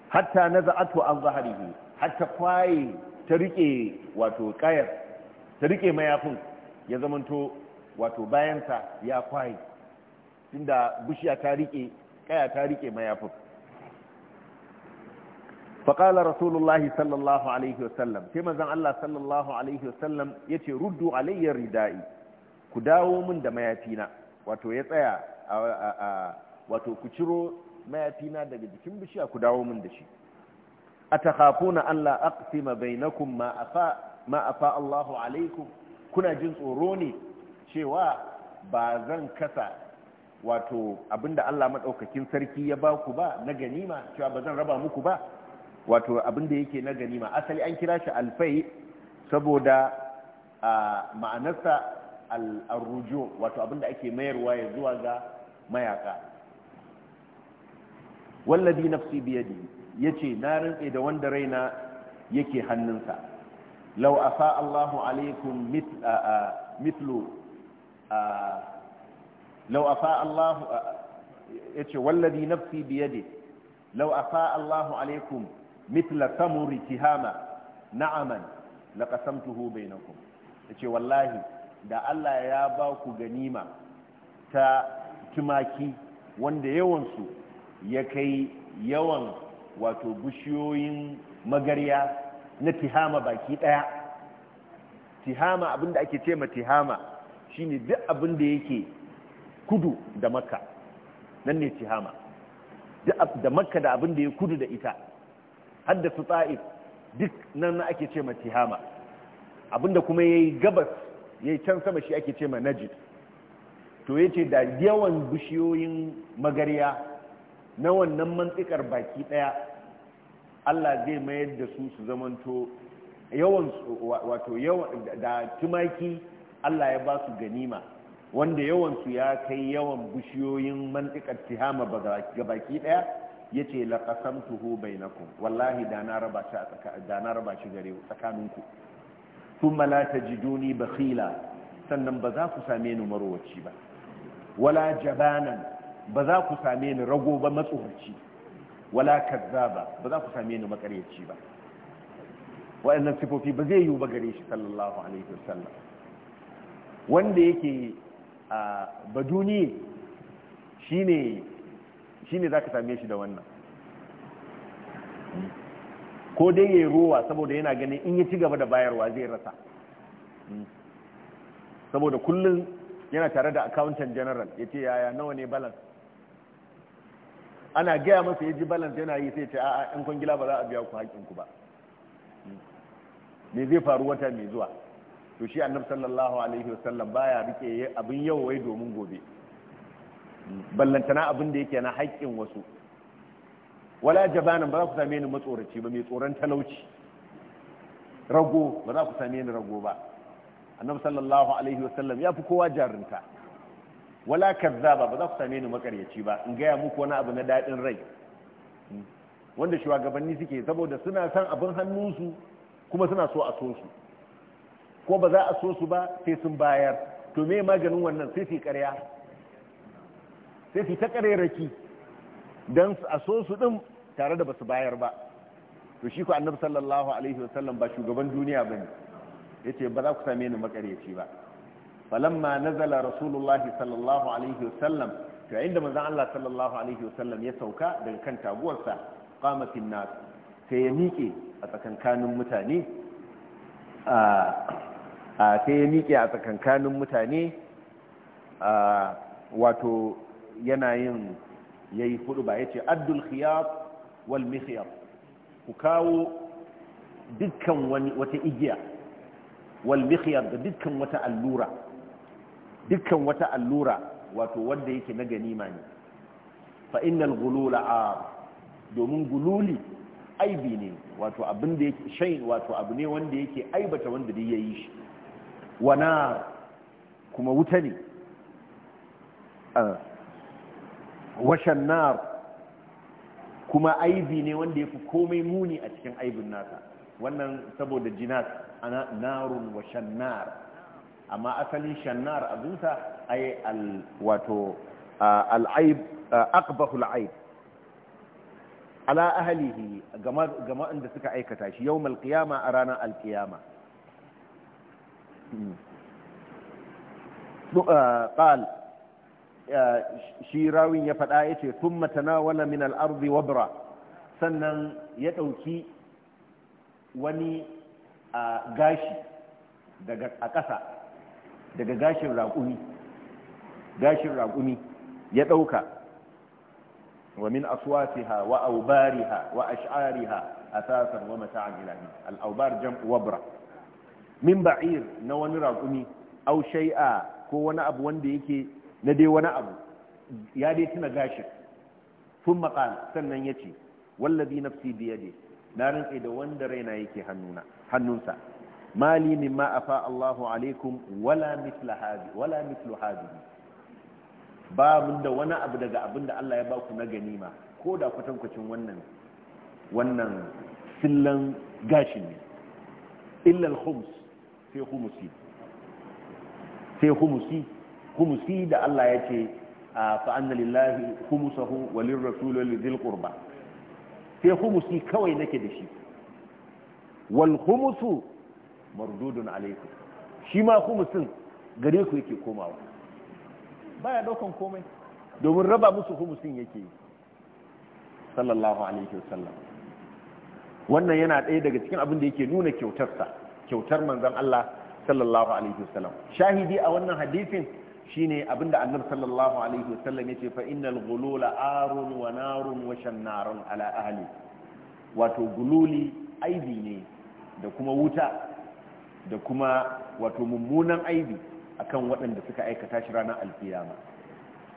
hatta naza'atu an zaharihi hatta kwaye ta rike wato kayar ta rike mayafin ya zamanto wato bayansa ya kwaye tunda bishiya ta rike kaya ta rike mayafin faƙala rasulullahi sallallahu alaihi wasallam sai manzan Allah sallallahu ya ce ruddu alayyar rida'i ku dawo min da mayafina wato ya tsaya wato ku ciro mayafina daga jikin bishiya ku dawo min da shi a takafuna Allah aqsima bainakum ma afa ma afa kuna jin tsoro ne cewa ba zan kasa wato abinda Allah madaukakin sarki ya ba ku ba na ganima cewa ba zan raba muku ba wato abin da yake na ganima asali an kira shi alfai saboda ma'anarsa al al'arrujo wato abin da ake mayarwa ya zuwa ga mayaka wallabi nafsi biyadi ya ce na rantse da wanda raina yake hannunsa lau afa allahu alaikum mitlu lau afa allahu ya ce wallabi nafsi biyadi lau afa allahu alaikum mithla samuri tihama na'aman laqasamtuhu bainakum yace wallahi da Allah ya baku ganima ta tumaki wanda yawansu ya kai yawan wato bushiyoyin magarya na tihama baki daya tihama abinda ake ce ma tihama shine duk abinda yake kudu da makka nan ne tihama da makka da abinda ya kudu da ita haddasa ta'if duk nan ake ce ma tihama abinda kuma yayi gabas yayi can sama shi ake ce ma najid to yace da yawan bishiyoyin magariya na wannan mantsikar baki daya Allah zai mayar da su su zamanto yawan wato yawan da tumaki Allah ya ba su ganima wanda yawan su ya kai yawan bishiyoyin mantsikar tihama ga baki daya yace la qasamtuhu bainakum wallahi da na raba shi da na raba shi gare tsakaninku thumma la tajiduni bakhila sannan ba za ku same ni marowaci ba wala jabanan ba za ku same ni rago ba matsoraci wala kazzaba ba za ku same ni makaryaci ba waɗannan sifofi ba zai yiwu ba gare shi sallallahu alaihi wasallam wanda yake a baduni shine Shi ne za ka same shi da wannan ko dai ya yi rowa saboda yana ganin in yi ci gaba da bayarwa zai rasa saboda kullum yana tare da accountant general ya ce yaya nawa ne balance ana gaya masa ya ji balance yana yi sai ce a yan kwangila ba za a biya ku haƙinku ba me zai faru wata mai zuwa to shi annabi sallallahu alaihi wasallam baya rike abin yau wai domin gobe ballantana abin da yake na haƙƙin wasu wala jabanan ba za ku same ni matsoraci ba mai tsoron talauci rago ba za ku same ni rago ba annabi sallallahu alaihi wasallam ya fi kowa jarinta wala kazzaba ba za ku same ni makaryaci ba in gaya muku wani abu na daɗin rai wanda shugabanni suke saboda suna san abin hannunsu kuma suna so a so su ko ba za a so su ba sai sun bayar to me maganin wannan sai su ƙarya sai su ta ƙararraki don a so su ɗin tare da basu bayar ba to shi ku annabi sallallahu alaihi wasallam ba shugaban duniya ba ne ya ce ba za ku same ni makaryaci ba falamma nazala rasulullahi sallallahu alaihi wasallam to yayin da manzon Allah sallallahu alaihi wasallam ya sauka daga kan taguwarsa qama fil nas sai ya miƙe a tsakankanin mutane a sai ya miƙe a tsakankanin mutane wato yanayin yin yayi hudu ba yace addul khiyat wal mikhyat ku kawo dukkan wani wata igiya wal mikhyat da dukkan wata allura dukkan wata allura wato wanda yake na ganima ne fa innal ghulula a domin gululi aibi ne wato abin da yake shay wato abu ne wanda yake aibata wanda da yayi shi wana kuma wuta ne washan nar kuma aibi ne wanda ya fi komai muni a cikin aibin nasa wannan saboda jinas ana narun wa amma asalin shannar abinsa ai wato al'aib akbahul aib ala ahalihi gama inda suka aikata shi yau malkiyama a ranar alkiyama قال hmm. shi rawin ya faɗa ya ce tun matanawala min al'arzi wabra sannan ya ɗauki wani gashi a ƙasa daga gashin raƙumi gashin raƙumi ya ɗauka wa min aswatiha wa aubariha wa ash'ariha asasan wa mata'an ilahi al'aubar jam'u wabra min ba'ir na wani raƙumi au shai'a ko wani abu wanda yake na dai wani abu ya dai tuna gashin sun maƙal sannan ya ce wallazi nafsi biyade na rantse da wanda raina yake hannunsa mali ma afa Allahu alaikum wala mithla hadi wala mithlu da wani abu daga abin da Allah ya ba ku na ganima ko da kwatankwacin wannan wannan sillan gashin ne illa al-khums sai khumusi sai Humusi da Allah ya ce fa anna lillahi humusahu wa lirrasul wa sai humusi kawai nake da shi wal humusu mardudun alaikum shi ma humusin gare ku yake komawa baya daukan komai domin raba musu humusin yake yi sallallahu alaihi wasallam wannan yana ɗaya daga cikin abin da yake nuna kyautarsa kyautar manzon Allah sallallahu alaihi wasallam shahidi a wannan hadisin Shi shine abinda annabi sallallahu alaihi wasallam yace fa innal ghulula arun wa narun wa shannarun ala ahli wato gululi aibi ne da kuma wuta da kuma wato mummunan aibi akan waɗanda suka aikata shi ranar alfiyama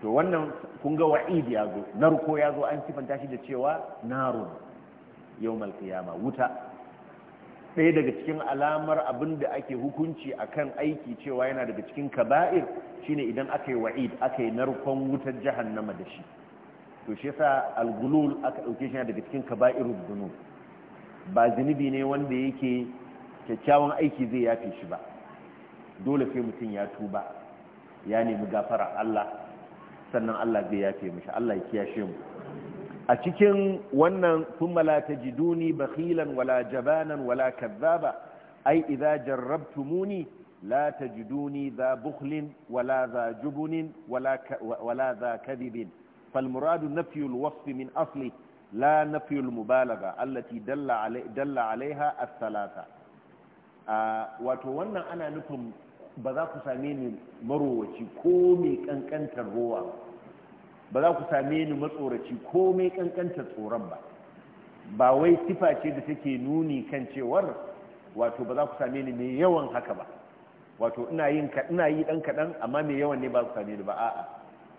to wannan kun ga wa'idi ya zo narko ya zo an sifanta shi da cewa narun yawmal qiyama wuta ɗaya daga cikin alamar abin da ake hukunci akan aiki cewa yana daga cikin kaba'ir shine idan aka yi wa'id aka yi narkon wutar jahannama da shi to shi yasa algulul aka dauke shi daga cikin kaba'iru dunub ba zunubi ne wanda yake kyakkyawan aiki zai yafe shi ba dole sai mutum ya tuba ya nemi gafara Allah sannan Allah zai yafe mishi Allah ya kiyashe mu a cikin wannan kuma la ta tajiduni bakhilan wala jabanan wala kazzaba ai idza jarrabtumuni la ta tajiduni za bukhlin wala za jubunin wala wala za kadhibin فالمراد نفي الوصف من أصله لا نفي المبالغة التي دل, علي دل عليها الثلاثة آه وتوانا أنا نفهم بذاك سامين مروة كومي كان كان تروا ba za ku same ni matsoraci ko mai kankanta tsoron ba ba wai sifa ce da take nuni kan cewar wato ba za ku same ni mai yawan haka ba wato ina ka yi dan kaɗan. amma mai yawan ne ba ku same ni ba a'a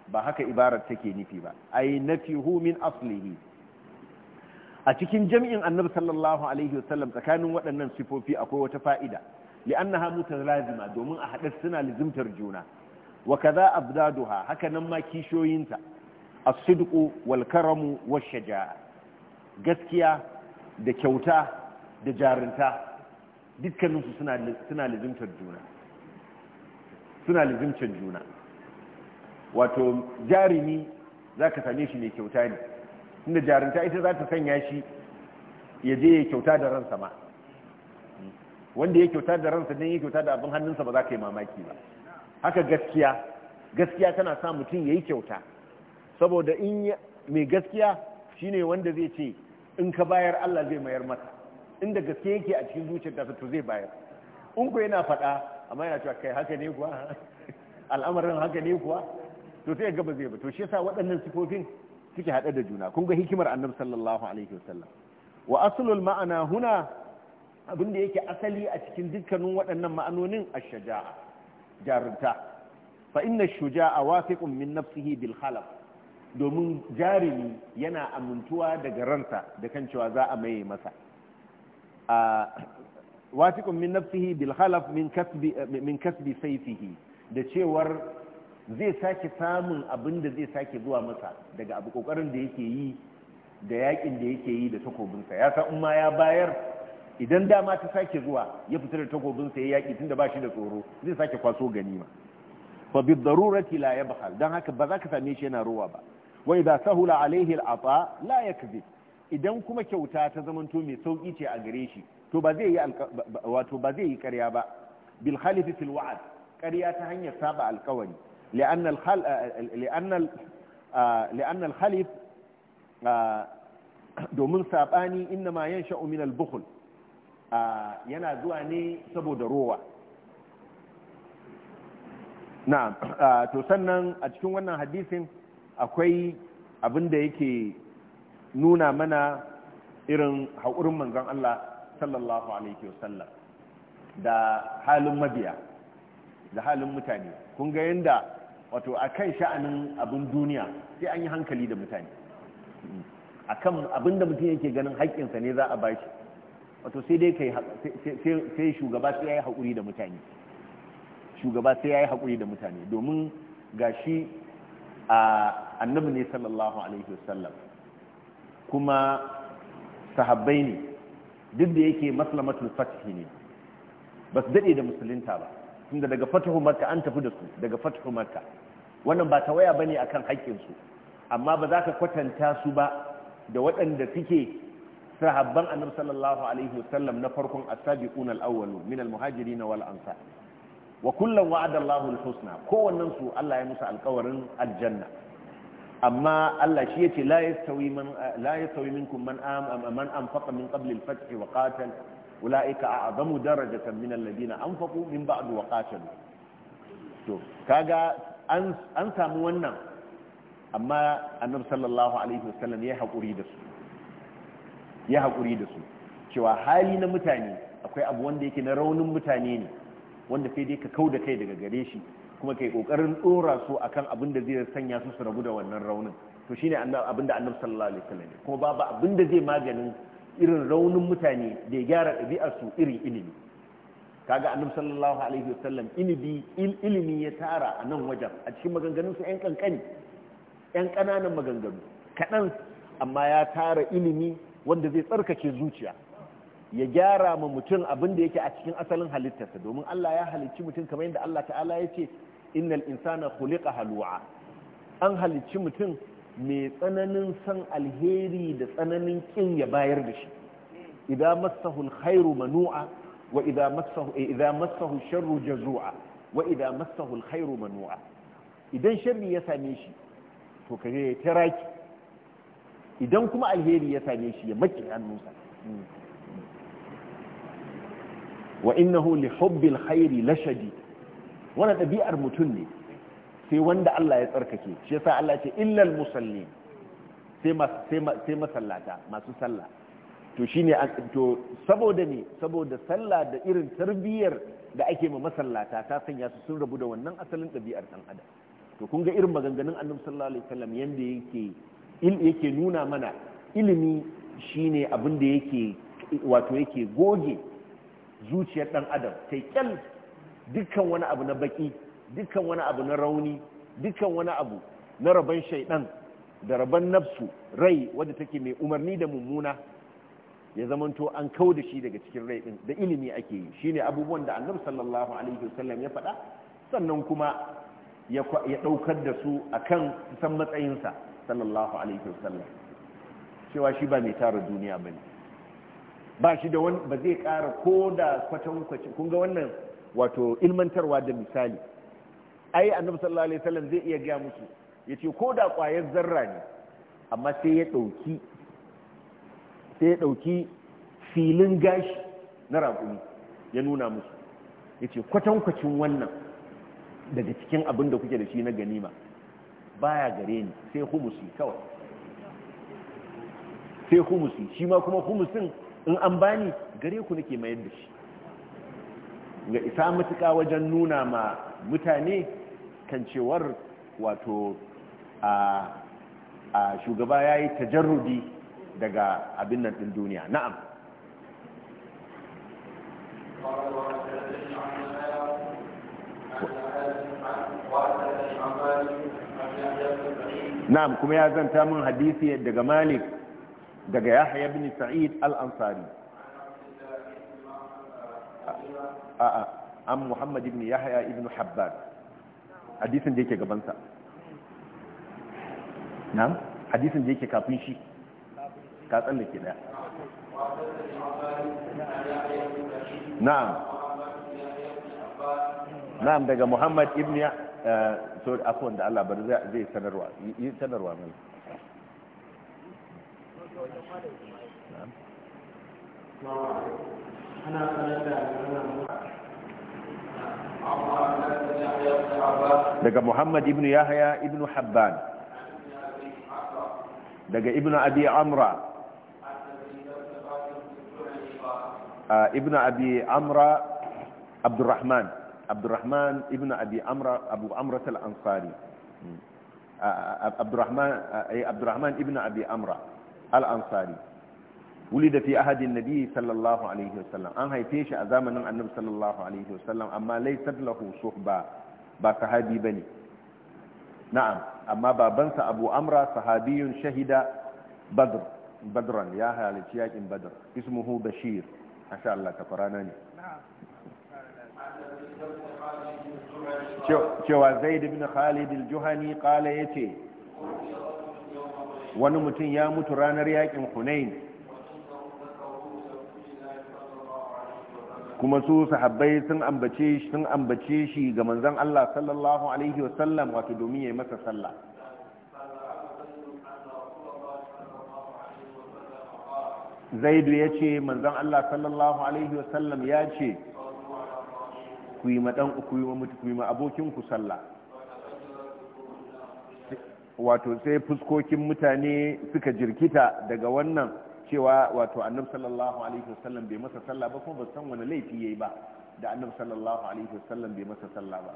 ba haka ibarar take nufi ba ai nafihu min aslihi a cikin jami'in annabi sallallahu alaihi wasallam tsakanin waɗannan sifofi akwai wata fa'ida li'annaha lazima domin a haɗa suna lizimtar juna wa kaza abdaduha haka nan ma kishoyinta as-sidqu wal karamu wash shaja'a gaskiya da kyauta da jarinta dukkaninsu suna suna lazimtar juna suna lazimtar juna wato jarimi zaka same shi mai kyauta ne inda jarinta ita za ta sanya shi ya je ya kyauta da ransa ma wanda ya kyauta da ransa don ya kyauta da abin hannunsa ba za ka yi mamaki ba haka gaskiya gaskiya tana sa mutum ya yi kyauta saboda in mai gaskiya shine wanda zai ce in ka bayar Allah zai mayar masa inda gaske yake a cikin zuciyarsa to zai bayar in ku yana faɗa amma yana cewa kai haka ne kuwa al'amarin haka ne kuwa to sai ga zai ba to shi yasa waɗannan sifofin suke haɗe da juna kun ga hikimar annabi sallallahu alaihi wasallam wa aslul ma'ana huna abin da yake asali a cikin dukkanin waɗannan ma'anonin ash-shaja'a jarunta fa inna ash-shaja'a wasiqun min nafsihi bil khalaf domin jarumi yana amintuwa daga ransa da kan cewa za a maye masa watikun min nafsihi bil khalaf min kasbi saifihi da cewar zai sake samun abin da zai sake zuwa masa daga abu kokarin da yake yi da yakin da yake yi da takobinsa ya sa umma ya bayar idan dama ta sake zuwa ya fitar da takobinsa ya yaki tunda ba shi da tsoro zai sake kwaso ganima fa bi darurati la yabhal dan haka ba za ka same shi yana ruwa ba wai za sahula alaihi al'ata la yakzib idan kuma kyauta ta zamanto mai sauki ce a gare shi to ba zai yi wato ba zai yi ƙarya ba bil khalifi fil ƙarya ta hanyar saba alƙawari li'anna al li'anna li'anna al khalif domin sabani inna ma yansha min al bukhl yana zuwa ne saboda rowa na'am to sannan a cikin wannan hadisin akwai abin da yake nuna mana irin haƙurin manzon Allah sallallahu alaihi wasallam da halin mabiya da halin mutane kun ga yanda wato akan sha'anin abin duniya sai an yi hankali da mutane akan abin da mutum yake ganin haƙƙinsa ne za a shi wato sai dai kai sai shugaba sai ya yi haƙuri da mutane shugaba sai ya yi haƙuri da mutane domin ga shi. A annabi ne sallallahu alaihi wasallam kuma sahabbai ne duk da yake maslamatul fathi ne ba su daɗe da musulunta ba tunda daga fatahu makka an tafi da su daga fatahu makka wannan ba tawaya bane akan su amma ba za ka kwatanta su ba da waɗanda suke sahabban annabi sallallahu alaihi wasallam na farkon as-sabiqun al-awwalun min al-muhajirin wal ansar wa kullum wa'ada Allahul husna kowannen su Allah ya musa alkawarin aljanna amma Allah shi ya ce la yastawi man la yastawi minkum man am man anfaqa min qabli al-fath wa qatal ulaika a'zamu darajatan min an anfaqu min ba'd wa qatal to kaga an an samu wannan amma annabi sallallahu alaihi wasallam ya haƙuri da su ya haƙuri da su cewa hali na mutane akwai abu wanda yake na raunin mutane ne wanda sai dai ka kau da kai daga gare shi kuma kai kokarin dora su akan abin da zai sanya su su rabu da wannan raunin to shine abin da annab sallallahu alaihi wasallam kuma babu abin da zai maganin irin raunin mutane da ya gyara ɗabi'ar su irin ilimi kaga annab sallallahu alaihi wasallam ilimi ilimi ya tara a nan wajen a cikin maganganun su yan kankani yan kananan maganganu kaɗan amma ya tara ilimi wanda zai tsarkake zuciya ya gyara ma mutum abin da yake a cikin asalin halittarsa domin Allah ya halicci mutum kamar yadda Allah ta'ala ya ce innal insana khuliqa halu'a an halicci mutum mai tsananin san alheri da tsananin kin ya bayar da shi idan massahu alkhairu manu'a wa idan massahu eh, idan massahu sharru jazua wa idan massahu alkhairu manu'a idan sharri ya same shi to kaje ya taraki idan kuma alheri ya same shi ya maki hannunsa hmm. wa innahu li hubbil khairi lashadi wannan ɗabi'ar mutum ne sai wanda Allah ya tsarkake shi yasa Allah ce illal musallin sai sai masallata masu sallah to shine to saboda ne saboda sallah da irin tarbiyyar da ake ma masallata ta sanya su sun rabu da wannan asalin ɗabi'ar ɗan adam to kun ga irin maganganun annabi sallallahu alaihi wasallam yanda yake yake nuna mana ilimi shine abin da yake wato yake goge zuciyar ɗan adam ta kyal dukkan wani abu na baki dukkan wani abu na rauni dukkan wani abu na rabon shaiɗan, da rabon nafsu rai wadda take mai umarni da mummuna ya zamanto an kau da shi daga cikin rai ɗin, da ilimi ake yi shine abubuwan da annabi sallallahu alaihi wasallam ya faɗa sannan kuma ya ɗaukar da su a kan san matsayinsa sallallahu alaihi wasallam cewa shi ba mai tara duniya bane ba shi da wani ba zai kara ko da kwatankwacin kun ga wannan wato ilmantarwa da misali ai annabi sallallahu alaihi wasallam zai iya gaya musu yace ko da kwayar zarra ne amma sai ya dauki sai ya dauki filin gashi na raƙumi ya nuna musu yace kwatankwacin wannan daga cikin abin da kuke da shi na ganima baya gare ni sai humusi kawai sai humusi shi ma kuma humusin in an bani gare ku nake mayar da shi ga isa matuka wajen nuna ma mutane kan cewar wato a shugaba ya yi tajarrudi daga abin nan ɗin duniya na'am na'am kuma ya zanta min hadisi daga malik daga yahya bin sa'id al-ansari a'a am muhammad ibn yahya ibn habban hadisin da yake gaban sa na hadisin da yake kafin shi ka tsallake daya na'am na'am daga muhammad ibn ya sorry akwai da Allah bari zai sanarwa sanarwa mai ana sanar da daga Muhammad ibn Yahya ibn Habban daga ibn Abi Amra ibn Abi Amra Abdurrahman Abdurrahman ibn Abi Amra Abu Amra al-Ansari Abdurrahman Abdurrahman ibn Abi Amra al-ansari wulida fi ahadin nabi sallallahu alaihi wasallam an haife shi a zamanin annabi sallallahu alaihi wasallam amma laysat lahu suhba ba sahabi bane na'am amma babansa abu amra sahabiyun shahida badr badran ya halarci yakin badr ismuhu bashir masha Allah kafarana ne cewa zaid ibn khalid al-juhani qala yace wani mutum ya mutu ranar yakin hunain kuma su sahabbai sun ambace sun ambace shi ga manzon Allah sallallahu alaihi wasallam wato domin yayi masa sallah zaidu ya ce manzon Allah sallallahu alaihi wasallam ya ce ku yi ma abokin ku sallah wato sai fuskokin mutane suka jirkita daga wannan cewa wato annabi sallallahu alaihi wasallam bai masa sallah ba kuma ba san wani laifi yayi ba da annabi sallallahu alaihi wasallam bai masa sallah ba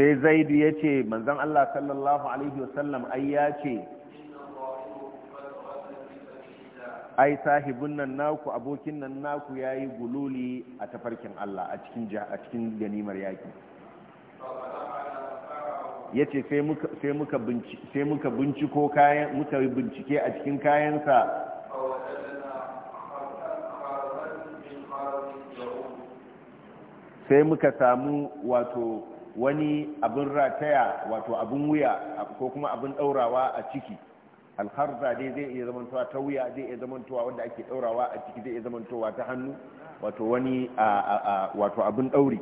sai zaidu ya ce manzon Allah sallallahu alaihi wasallam ai ya ce ai sahibin nan naku abokin nan naku yayi gululi a tafarkin Allah a cikin a cikin ganimar yaki yace sai muka sai muka bincike sai muka binciko kayan muka bincike a cikin kayansa sai muka samu wato wani abin rataya wato abin wuya ko kuma abin daurawa a ciki alharza dai zai iya zamantowa ta wuya zai iya zamantowa wanda ake daurawa a ciki zai iya zamantowa ta hannu wato wani wato abin dauri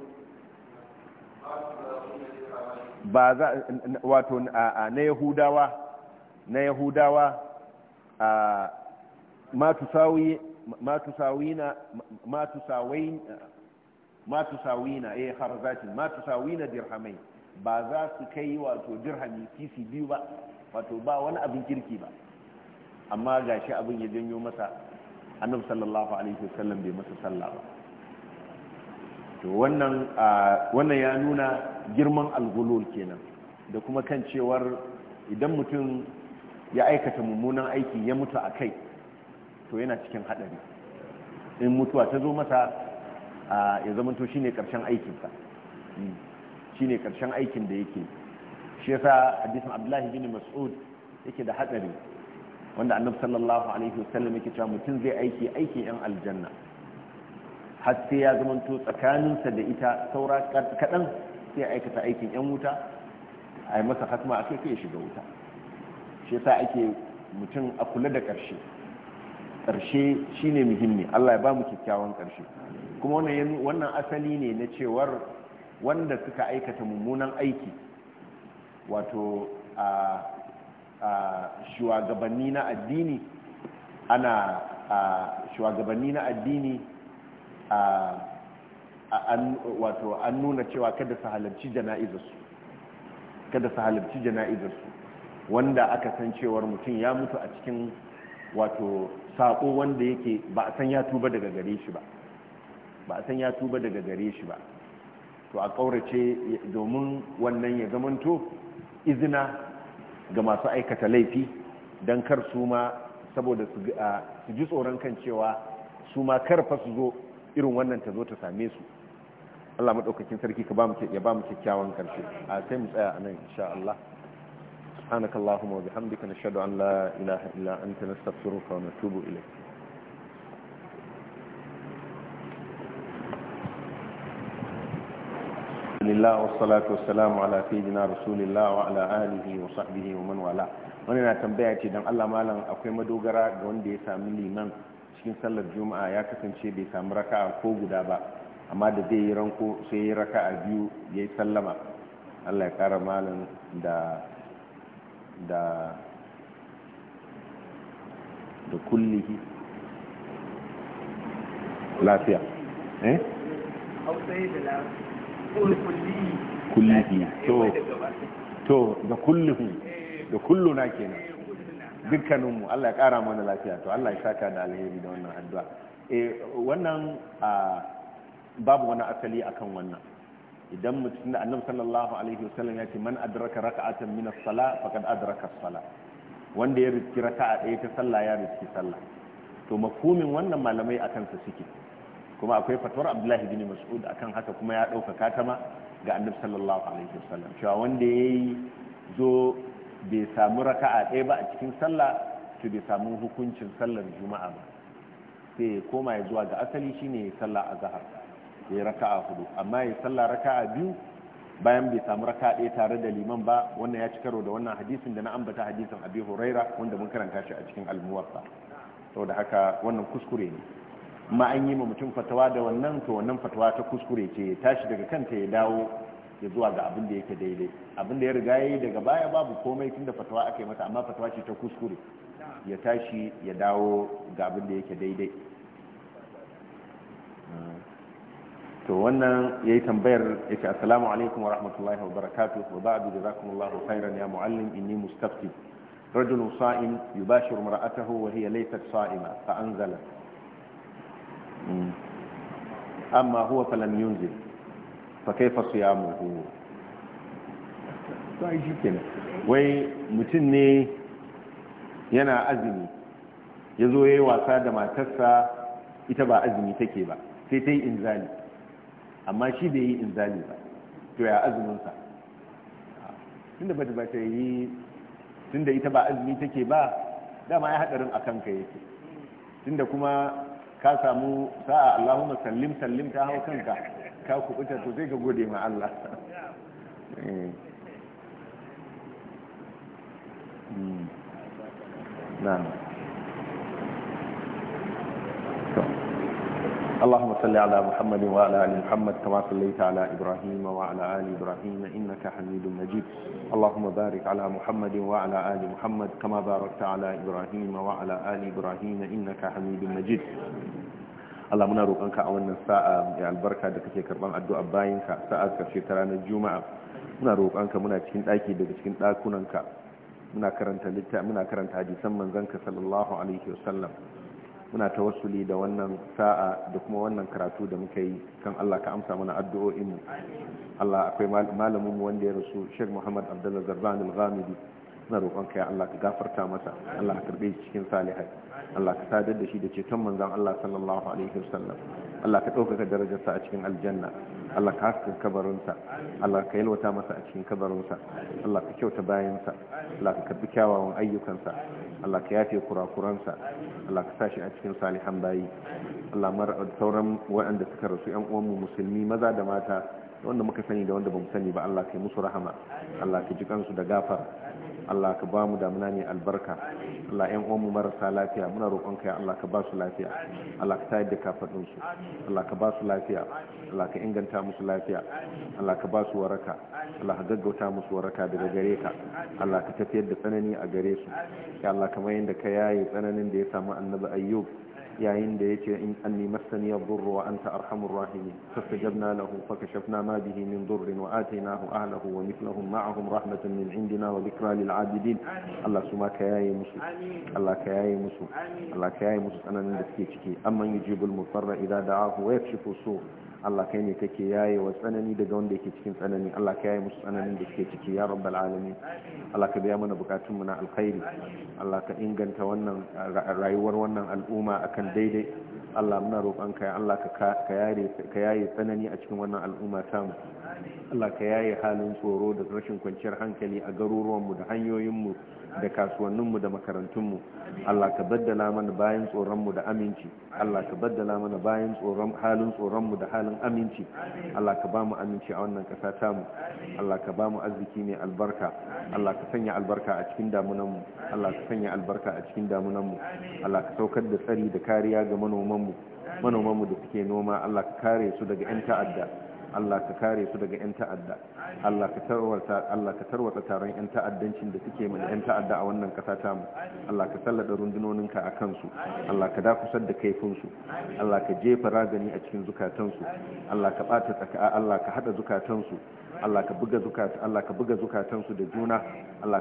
ba za wato na yahudawa na yahudawa ma tusawi ma tusawina ma eh, dirhamai ba za su kai wato dirhami fifi biyu ba wato ba wani abin kirki ba amma gashi abin ya janyo masa annabi sallallahu alaihi wasallam bai masa sallah ba to wannan wannan ya nuna girman algulul kenan da kuma kan cewar idan mutum ya aikata mummunan aiki ya mutu a kai to yana cikin haɗari in mutuwa ta zo masa ya zamanto shine ƙarshen aikinsa hmm. shine karshen aikin da yake shi yasa hadisin abdullahi bin mas'ud yake da hatsari wanda annabi sallallahu alaihi wasallam yake cewa mutum zai aiki aikin yan aljanna har sai ya zamanto tsakaninsa da ita saura kaɗan sai aikata aikin yan wuta a yi masa hatma a kai kai shiga wuta shi yasa ake mutum a kula da ƙarshe ƙarshe shine muhimmi Allah ya ba mu kyakkyawan ƙarshe kuma wannan asali ne na cewar wanda suka aikata mummunan aiki wato a shugabanni na addini ana shugabanni na addini wato an nuna cewa kada su halarci jana'izarsu kada su halarci jana'izarsu wanda aka san cewar mutum ya mutu a cikin wato sako wanda yake ba a san ya tuba daga gare shi ba ba a san ya tuba daga gare shi ba to a ƙaurace domin wannan ya zamanto izina ga masu aikata laifi don kar su ma saboda su ji tsoron kan cewa su ma karfa su zo irin wannan ta zo ta same su Allah maɗaukakin sarki ka ya ba mu kyakkyawan karshe a sai mu tsaya a nan insha Allah سبحانك اللهم وبحمدك نشهد أن لا na إلا أنت alhamdulillah wassalatu wassalamu ala sayyidina rasulillah wa ala alihi wa sahbihi wa man wala wannan na tambaya ce dan Allah malam akwai madogara ga wanda ya sami liman cikin sallar juma'a ya kasance bai samu raka'a ko guda ba amma da zai yi ranko sai ya raka'a biyu ya yi sallama Allah ya kara malam da da da kullihi lafiya eh kullihi to to da kullihu da kulluna kenan dukkaninmu Allah ya kara mana lafiya to Allah ya saka da alheri da wannan addu'a eh wannan babu wani asali akan wannan idan mutum da annabi sallallahu alaihi wasallam ya ce man adraka raka'atan min as-sala faqad adraka as-sala wanda ya riski raka'a ɗaya ta sallah ya riski sallah to mafhumin wannan malamai akan sa suke kuma akwai fatuwar abdullahi bin mas'ud akan haka kuma ya ɗaukaka ta ga annabi sallallahu alaihi wasallam cewa wanda ya yi zo bai samu raka'a ɗaya ba a cikin sallah to bai samu hukuncin sallar juma'a ba sai koma ya zuwa ga asali shine ya sallah a zahar ya yi raka'a hudu amma ya sallah raka'a biyu bayan bai samu raka'a ɗaya tare da liman ba wannan ya ci karo da wannan hadisin da na ambata hadisin abi huraira wanda mun karanta shi a cikin almuwatta saboda haka wannan kuskure ne ma an yi ma mutum fatawa da wannan to wannan fatawa ta kuskure ce ya tashi daga kanta ya dawo ya zuwa ga abin da yake daidai abin da ya riga yayi daga baya babu komai tun da fatawa aka yi mata amma fatawa ce ta kuskure ya tashi ya dawo ga abin da yake daidai to wannan yayi tambayar yace assalamu alaikum wa rahmatullahi wa barakatu wa ba'du jazakumullahu khairan ya muallim inni mustafti رجل صائم يباشر امرأته وهي sa'ima a فأنزلت amma huwa falam yunzil fa kaifa siyamuhu sai jikin wai mutum ne yana azumi ya zo ya yi wasa da matarsa ita ba azumi take ba sai ta yi inzali amma shi bai yi inzali ba to ya azuminsa tunda ba ta yi tunda ita ba azumi take ba dama ya haɗarin a kanka yake tunda kuma ka samu sa'a Allahumma sallim sallim ta hau kanka ka kubuta to sai ka gode ma Allah hmm. Hmm. na'am اللهم صل على محمد وعلى ال محمد كما صليت على ابراهيم وعلى ال ابراهيم انك حميد مجيد اللهم بارك على محمد وعلى ال محمد كما باركت على ابراهيم وعلى ال ابراهيم انك حميد مجيد Allah muna roƙonka a wannan sa'a ya albarka da kake karban addu'a bayinka sa'a karshe ta ranar Juma'a muna roƙonka muna cikin ɗaki daga cikin ɗakunanka muna karanta littafi muna karanta hadisan sallallahu alaihi wasallam muna ta tawassuli da wannan sa'a da kuma wannan karatu da muka yi kan Allah ka amsa mana addu'o'inmu Allah akwai malamin mu wanda ya rasu Sheikh Muhammad Abdullah Zarban Al-Ghamidi na roƙonka ya Allah ka gafarta masa Allah ka karbe cikin salihai Allah ka sadar da shi da ceton manzon Allah sallallahu alaihi wasallam Allah ka ɗaukaka darajarsa a cikin aljanna Allah ka haska kabarinsa Allah ka yalwata masa a cikin kabarinsa Allah ka kyauta bayansa Allah ka karbi kyawawan ayyukansa Allah ka yafe kurakuransa Allah ka sashi a cikin salihan bayi Allah mar sauran waɗanda suka rasu ƴan uwanmu musulmi maza da mata wanda muka sani da wanda bamu sani ba Allah ka yi musu rahama Allah ka ji kansu da gafara Allah ka ba mu damuna ne albarka Allah ƴan uwan mu marasa lafiya muna roƙon ka ya Allah ka ba su lafiya Allah ka tayar da kafadun su Allah ka ba su lafiya Allah ka inganta musu lafiya Allah ka ba su waraka Allah ka gaggauta musu waraka daga gare ka Allah ka tafiyar da tsanani a gare su ya Allah kamar yadda ka yaye tsananin da ya samu annabi Ayyub يعين ديك إن أني مسني الضر وأنت أرحم الراحمين فاستجبنا له فكشفنا ما به من ضر وآتيناه أهله ومثلهم معهم رحمة من عندنا وذكرى للعابدين الله سمع كياي مسلم الله كياي مسلم الله كياي مسلم أنا من بسكي أما يجيب المضطر إذا دعاه ويكشف السوء Allah kai ne kake yaye wa tsanani daga wanda yake cikin tsanani Allah ka yaye musu tsananin da suke ciki ya rabbal alamin Allah ka biya mana bukatun mu na alkhairi Allah ka inganta wannan rayuwar wannan al'umma akan daidai Allah muna roƙon ya Allah ka yaye ka yaye tsanani a cikin wannan al'umma tamu Allah ka yaye halin tsoro da rashin kwanciyar hankali a garuruwanmu da hanyoyinmu da kasuwanninmu da makarantunmu Allah ka baddala mana bayan tsoronmu da aminci Allah ka baddala mana bayan tsoron halin tsoronmu da halin aminci Allah ka ba mu aminci a wannan ƙasa tamu Allah ka ba mu arziki mai albarka Allah ka sanya albarka a cikin damunanmu Allah ka sanya albarka a cikin damunanmu Allah ka saukar da tsari da kariya ga manomanmu manomanmu da suke noma Allah ka kare su daga 'yan ta'adda Allah ka kare su daga 'yan ta'adda Allah ka tarwata taron 'yan ta'addancin da suke mana 'yan ta'adda a wannan ƙasa ta mu Allah ka sallada rundunoninka a kansu Allah ka dakusar da kaifinsu Allah ka jefa ragani a cikin zukatansu Allah ka ɓata tsaka Allah ka haɗa zukatansu Allah ka buga Allah ka buga zukatansu da juna Allah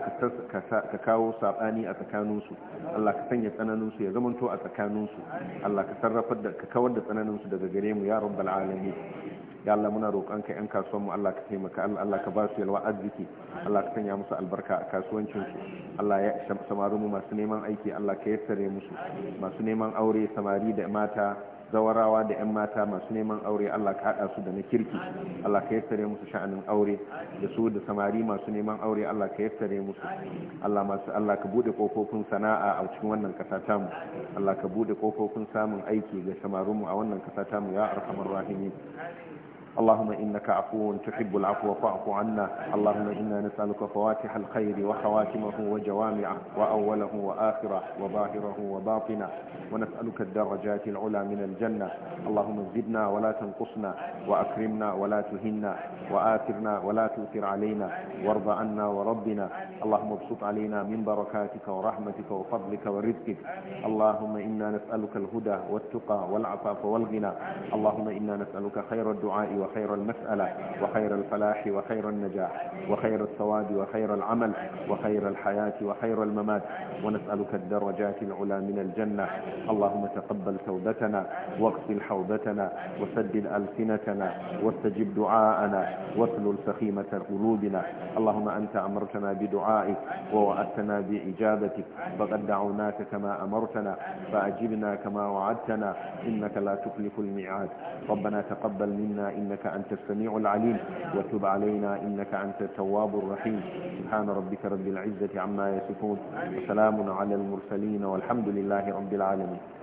ka ka kawo sabani a tsakaninsu Allah ka sanya tsananin su ya zamanto a tsakaninsu Allah ka sarrafa da ka kawar da tsananin su daga gare mu ya rabbal alamin ya Allah muna ka yan kasuwan mu Allah ka taimaka Allah ka ba su yalwa arziki Allah ka sanya musu albarka a kasuwancin su Allah ya samarin mu masu neman aiki Allah ka yassare musu masu neman aure samari da mata zawarawa da 'yan mata masu neman aure Allah ka haɗa su da na kirki Allah ka yaftare musu sha'anin aure da su da samari masu neman aure Allah ka yaftare musu Allah masu Allah ka bude kofofin sana'a a cikin wannan kasa mu Allah ka bude kofofin samun aiki ga mu a wannan kasa mu ya arhamar rahimin اللهم إنك عفو تحب العفو فاعف عنا اللهم إنا نسألك فواتح الخير وخواتمه وجوامعه وأوله وآخره وظاهره وباطنه ونسألك الدرجات العلى من الجنة اللهم زدنا ولا تنقصنا وأكرمنا ولا تهنا وآثرنا ولا تؤثر علينا وارض عنا وربنا اللهم ابسط علينا من بركاتك ورحمتك وفضلك ورزقك اللهم إنا نسألك الهدى والتقى والعفاف والغنى اللهم إنا نسألك خير الدعاء وخير المسألة وخير الفلاح وخير النجاح وخير الثواب وخير العمل وخير الحياة وخير الممات ونسألك الدرجات العلى من الجنة اللهم تقبل توبتنا واغسل حوبتنا وسدد ألسنتنا واستجب دعاءنا واسلل سخيمة قلوبنا اللهم أنت أمرتنا بدعائك ووعدتنا بإجابتك فقد دعوناك كما أمرتنا فأجبنا كما وعدتنا إنك لا تخلف الميعاد ربنا تقبل منا إن إنك أنت السميع العليم وتب علينا إنك أنت التواب الرحيم سبحان ربك رب العزة عما يصفون وسلام على المرسلين والحمد لله رب العالمين